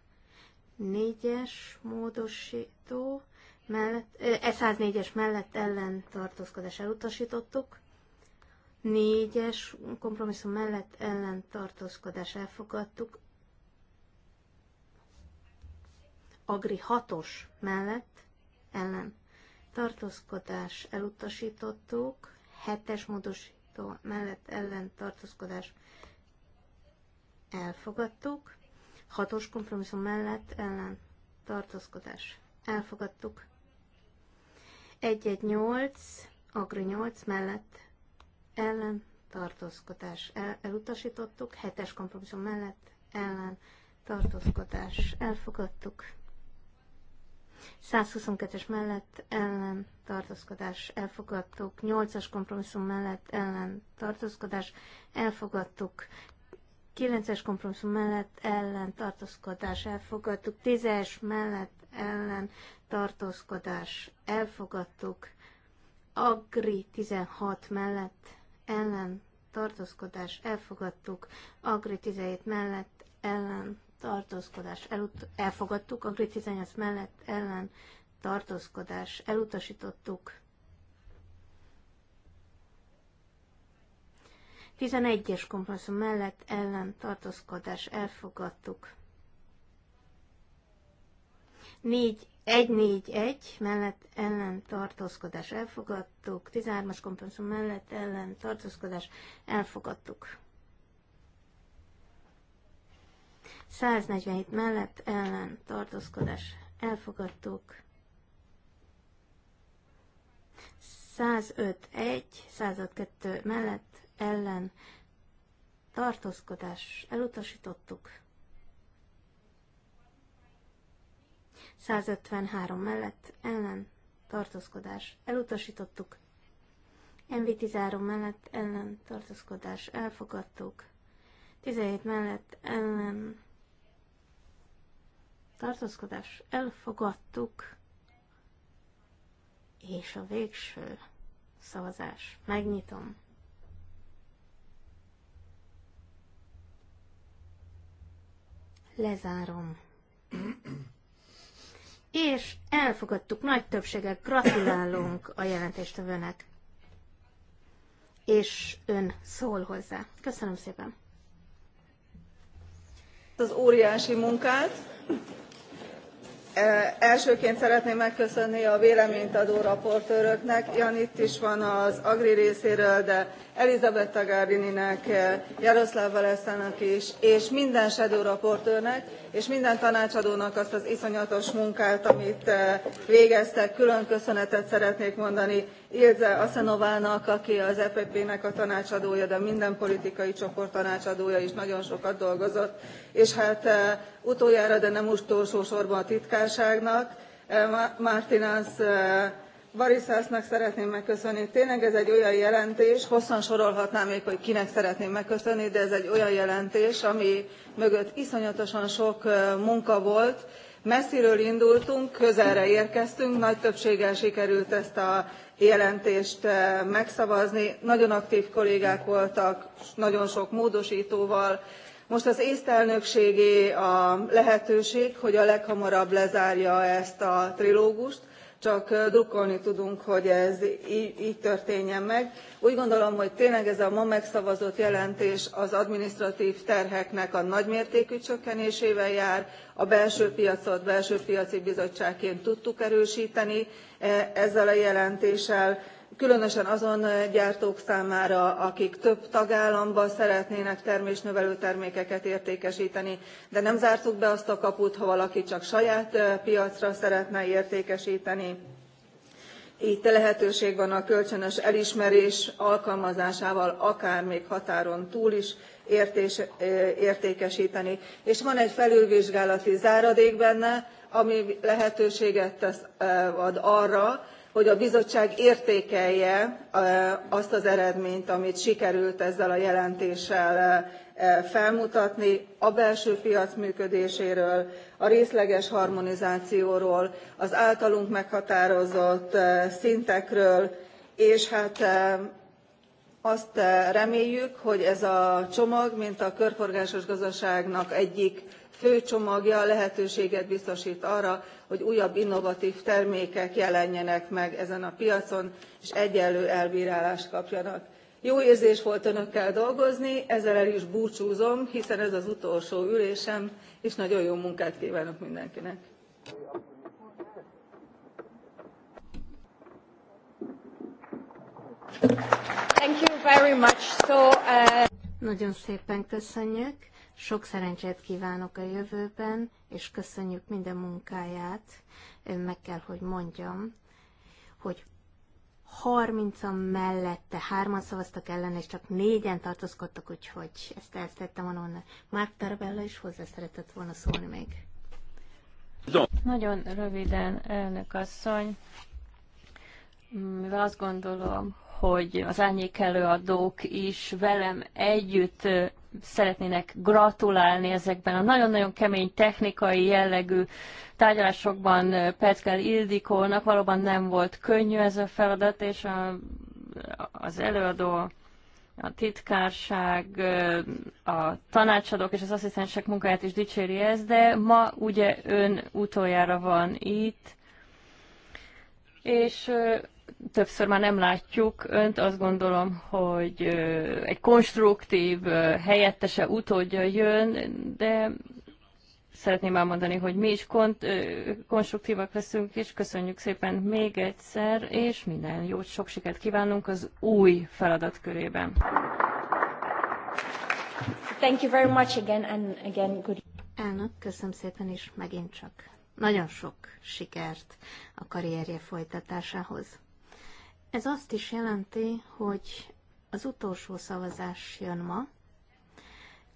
A: Négyes módosító mellett, e 104-es mellett ellen tartózkodás elutasítottuk. Négyes kompromisszum mellett ellen tartózkodás elfogadtuk. Agri 6-os mellett ellen tartózkodás elutasítottuk, hetes módosító mellett ellen tartózkodás elfogadtuk, hatos kompromisszum mellett ellen tartózkodás elfogadtuk, nyolc agri 8 mellett ellen tartózkodás El, elutasítottuk, hetes kompromisszum mellett ellen tartózkodás elfogadtuk. 122-es mellett ellen tartózkodás elfogadtuk, 8-as kompromisszum mellett ellen tartózkodás elfogadtuk, 9-es kompromisszum mellett ellen tartózkodás elfogadtuk, 10-es mellett ellen tartózkodás elfogadtuk, Agri 16 mellett ellen tartózkodás elfogadtuk, Agri 17 mellett ellen tartózkodás elut- elfogadtuk, a Agri 18 mellett ellen tartózkodás elutasítottuk. 11-es kompromisszum mellett ellen tartózkodás elfogadtuk. 1-4-1 mellett ellen tartózkodás elfogadtuk, 13-as kompromisszum mellett ellen tartózkodás elfogadtuk. 147 mellett ellen tartózkodás elfogadtuk. 105.1, 102 mellett ellen tartózkodás elutasítottuk. 153 mellett ellen tartózkodás elutasítottuk. MV13 mellett ellen tartózkodás elfogadtuk. 17 mellett ellen tartózkodás elfogadtuk, és a végső szavazás. Megnyitom. Lezárom. és elfogadtuk nagy többséggel. Gratulálunk a jelentéstevőnek. És ön szól hozzá. Köszönöm szépen.
C: Az óriási munkát. Elsőként szeretném megköszönni a véleményt adó raportőröknek. Jan itt is van az Agri részéről, de elisabeth tagarininek jaroszlav wasa is és minden shadow raportőrnek és minden tanácsadónak azt az iszonyatos munkát amit eh, végeztek. külön köszönetet szeretnék mondani ilse asenovának aki az epp nek a tanácsadója de minden politikai csoport tanácsadója is nagyon sokat dolgozott és hát eh, utoljára de nem utolsó sorban a titkárságnak eh, martinez Bariszásznak szeretném megköszönni. Tényleg ez egy olyan jelentés, hosszan sorolhatnám még, hogy kinek szeretném megköszönni, de ez egy olyan jelentés, ami mögött iszonyatosan sok munka volt, messziről indultunk közelre érkeztünk nagy többséggel sikerült ezt a jelentést megszavazni nagyon aktv kollégák voltak nagyon sok módostóval most az észt elnökségé a lehetőség hogy a leghamarabb lezárja ezt a trilógust csak drukkolni tudunk hogy ez gy, történjen meg. úgy gondolom hogy tényleg ez a ma megszavazott jelentés az adminisztratv terheknek a nagymértékű csökkenésével jár a belső piacot belső piaci bizottságként tudtuk erősteni e, ezzel a jelentéssel különösen azon gyártók számára akik több tagállamban szeretnének termésnövelő termékeket értékesteni de nem zártuk be azt a kaput ha valaki csak saját piacra szeretne értékesteni itt lehetőség van a kölcsönös elismerés alkalmazásával akár még határon túl is értékesteni értékesíteni és van egy felülvizsgálati záradék benne ami lehetőséget ad arra hogy a bizottság értékelje eh, azt az eredményt amit sikerült ezzel a jelentéssel eh, eh, felmutatni a belső piac működéséről a részleges harmonizációról az általunk meghatározott szintekről és hát azt reméljük hogy ez a csomag mint a körforgásos gazdaságnak egyik fő csomagja lehetőséget biztost arra hogy újabb innovatv termékek jelenjenek meg ezen a piacon és egyenlő elbrálást kapjanak. jó érzés volt önökkel dolgozni ezzel el is búcsúzom hiszen ez az utolsó ülésem és nagyon jó munkát kvánok mindenkinek.
A: Thank you very much. So, uh... Nagyon szépen köszönjük. Sok szerencsét kívánok a jövőben, és köszönjük minden munkáját. Meg kell, hogy mondjam, hogy 30 mellette, hárman szavaztak ellen, és csak négyen tartózkodtak, úgyhogy ezt eltettem volna. Mark Tarabella is hozzá szeretett volna szólni még. Nagyon
B: röviden, elnök asszony, mivel azt gondolom, hogy az árnyék előadók is velem együtt szeretnének gratulálni ezekben a nagyon-nagyon kemény technikai jellegű tárgyalásokban eh, Petkel Ildikónak. Valóban nem volt könnyű ez a feladat, és a, az előadó a titkárság, eh, a tanácsadók és az asszisztensek munkáját is dicséri ez, de ma ugye ön utoljára van itt, és eh, többször már nem látjuk önt, azt gondolom, hogy egy konstruktív helyettese utódja jön, de szeretném elmondani, hogy mi is kont, konstruktívak leszünk, és köszönjük szépen még egyszer, és minden jót, sok sikert kívánunk az új feladatkörében.
A: Thank you very much again and again good. Elnök, köszönöm szépen, és megint csak nagyon sok sikert a karrierje folytatásához. Ez azt is jelenti, hogy az utolsó szavazás jön ma.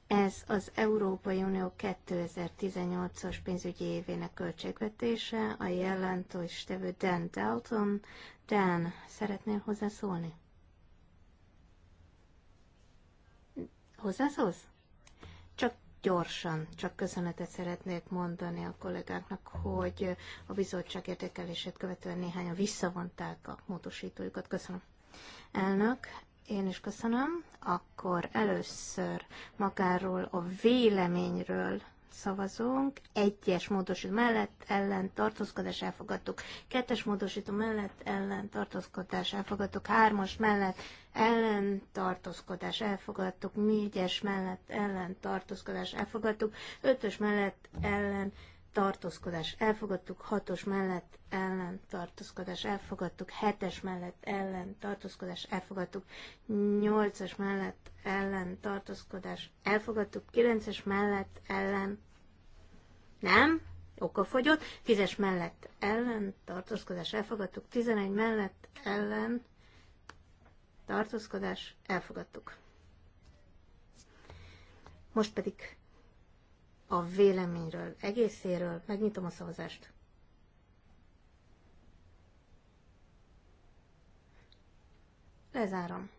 A: Ez az Európai Unió 2018-as pénzügyi évének költségvetése, a jelentős tevő Dan Dalton. Dan, szeretnél hozzászólni? Hozzászólsz? gyorsan. Csak köszönetet szeretnék mondani a kollégáknak, hogy a bizottság értékelését követően néhányan visszavonták a módosítójukat. Köszönöm. Elnök, én is köszönöm. Akkor először magáról a véleményről szavazunk. Egyes módosító mellett ellen tartózkodás elfogadtuk. Kettes módosító mellett ellen tartózkodás elfogadtuk. Hármas mellett ellentartózkodás elfogadtuk, négyes mellett ellentartózkodás elfogadtuk, ötös mellett ellen tartózkodás elfogadtuk, hatos mellett ellen tartózkodás elfogadtuk, hetes mellett ellen tartózkodás elfogadtuk, nyolcas mellett ellen tartózkodás elfogadtuk, kilences mellett ellen nem, okafogyott, fogyott, es mellett ellen tartózkodás elfogadtuk, tizenegy mellett ellen tartózkodás, elfogadtuk. Most pedig a véleményről, egészéről megnyitom a szavazást. Lezárom.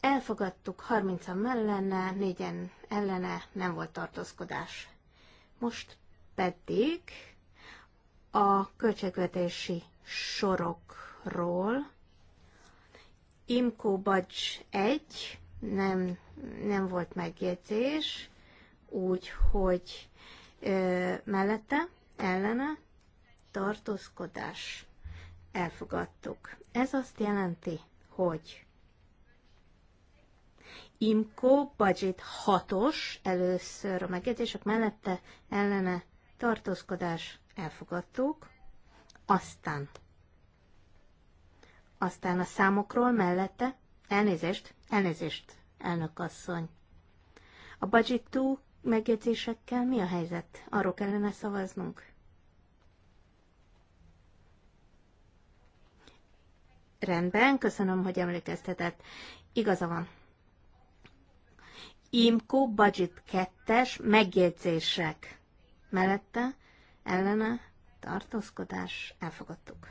A: Elfogadtuk 30-an mellene, 4 ellene, nem volt tartózkodás. Most pedig a költségvetési sorok ról Imkó Bacs 1, nem, nem volt megjegyzés, úgyhogy mellette, ellene, tartózkodás. Elfogadtuk. Ez azt jelenti, hogy Imco budget 6-os, először a megjegyzések mellette ellene tartózkodás elfogadtuk, aztán aztán a számokról mellette, elnézést, elnézést, elnök asszony. A budget two megjegyzésekkel mi a helyzet? Arról kellene szavaznunk? Rendben, köszönöm, hogy emlékeztetett. Igaza van. IMCO Budget 2-es megjegyzések. Mellette ellene tartózkodás elfogadtuk.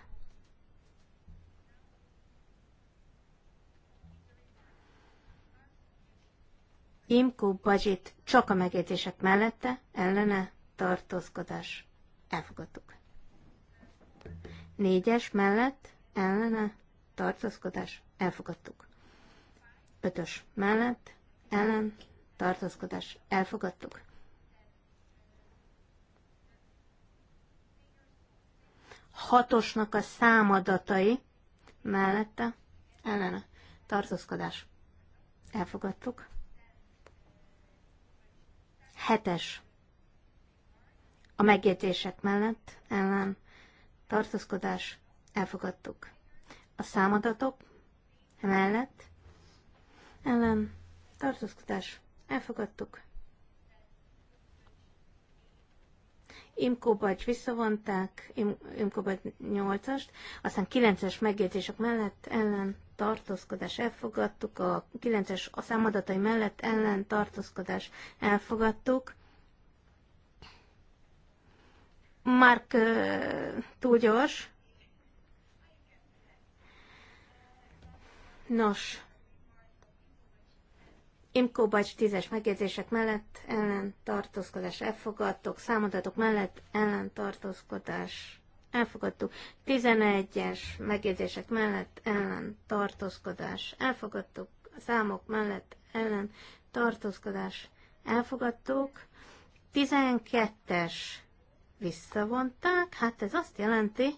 A: Imkó Bajit csak a megjegyzések mellette, ellene, tartózkodás. Elfogadtuk. Négyes mellett, ellene, tartózkodás. Elfogadtuk. Ötös mellett, ellen, tartózkodás. Elfogadtuk. Hatosnak a számadatai mellette, ellene, tartózkodás. Elfogadtuk. Hetes. A megjegyzések mellett ellen tartózkodás elfogadtuk. A számadatok mellett ellen tartózkodás elfogadtuk. Imkóba egy visszavonták, Im, Imkóba 8-ast, aztán 9-es megjegyzések mellett ellen tartózkodás elfogadtuk, a 9-es a számadatai mellett ellen tartózkodás elfogadtuk. Mark uh, túl gyors. Nos, Imkó Bács tízes megjegyzések mellett ellen tartózkodás elfogadtok, számadatok mellett ellen tartózkodás elfogadtuk, 11-es megjegyzések mellett tartózkodás elfogadtuk, számok mellett ellen tartózkodás elfogadtuk, 12-es visszavonták, hát ez azt jelenti,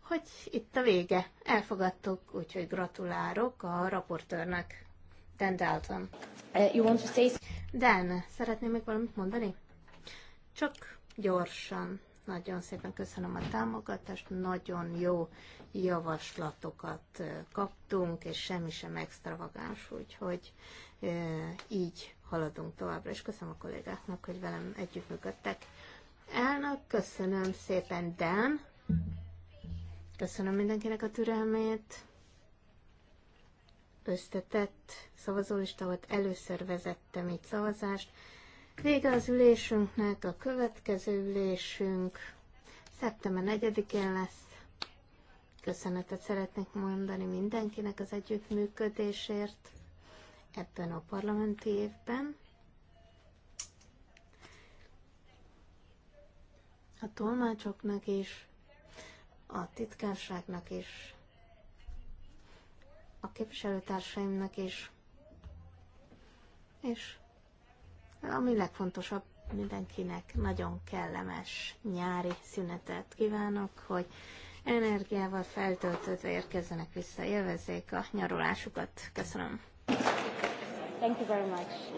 A: hogy itt a vége. Elfogadtuk, úgyhogy gratulárok a raportőrnek. Dan Dalton. Uh, you want to say... Dan, szeretném még valamit mondani? Csak gyorsan. Nagyon szépen köszönöm a támogatást, nagyon jó javaslatokat uh, kaptunk, és semmi sem extravagáns, úgyhogy e, így haladunk továbbra, és köszönöm a kollégáknak, hogy velem együttműködtek. Elnök, köszönöm szépen, Dan. Köszönöm mindenkinek a türelmét összetett szavazólista volt, először vezettem egy szavazást. Vége az ülésünknek, a következő ülésünk szeptember 4-én lesz. Köszönetet szeretnék mondani mindenkinek az együttműködésért ebben a parlamenti évben. A tolmácsoknak is, a titkárságnak is, a képviselőtársaimnak is. És ami legfontosabb, mindenkinek nagyon kellemes nyári szünetet kívánok, hogy energiával feltöltötve érkezzenek vissza, élvezzék a nyarulásukat. Köszönöm. Thank you very much.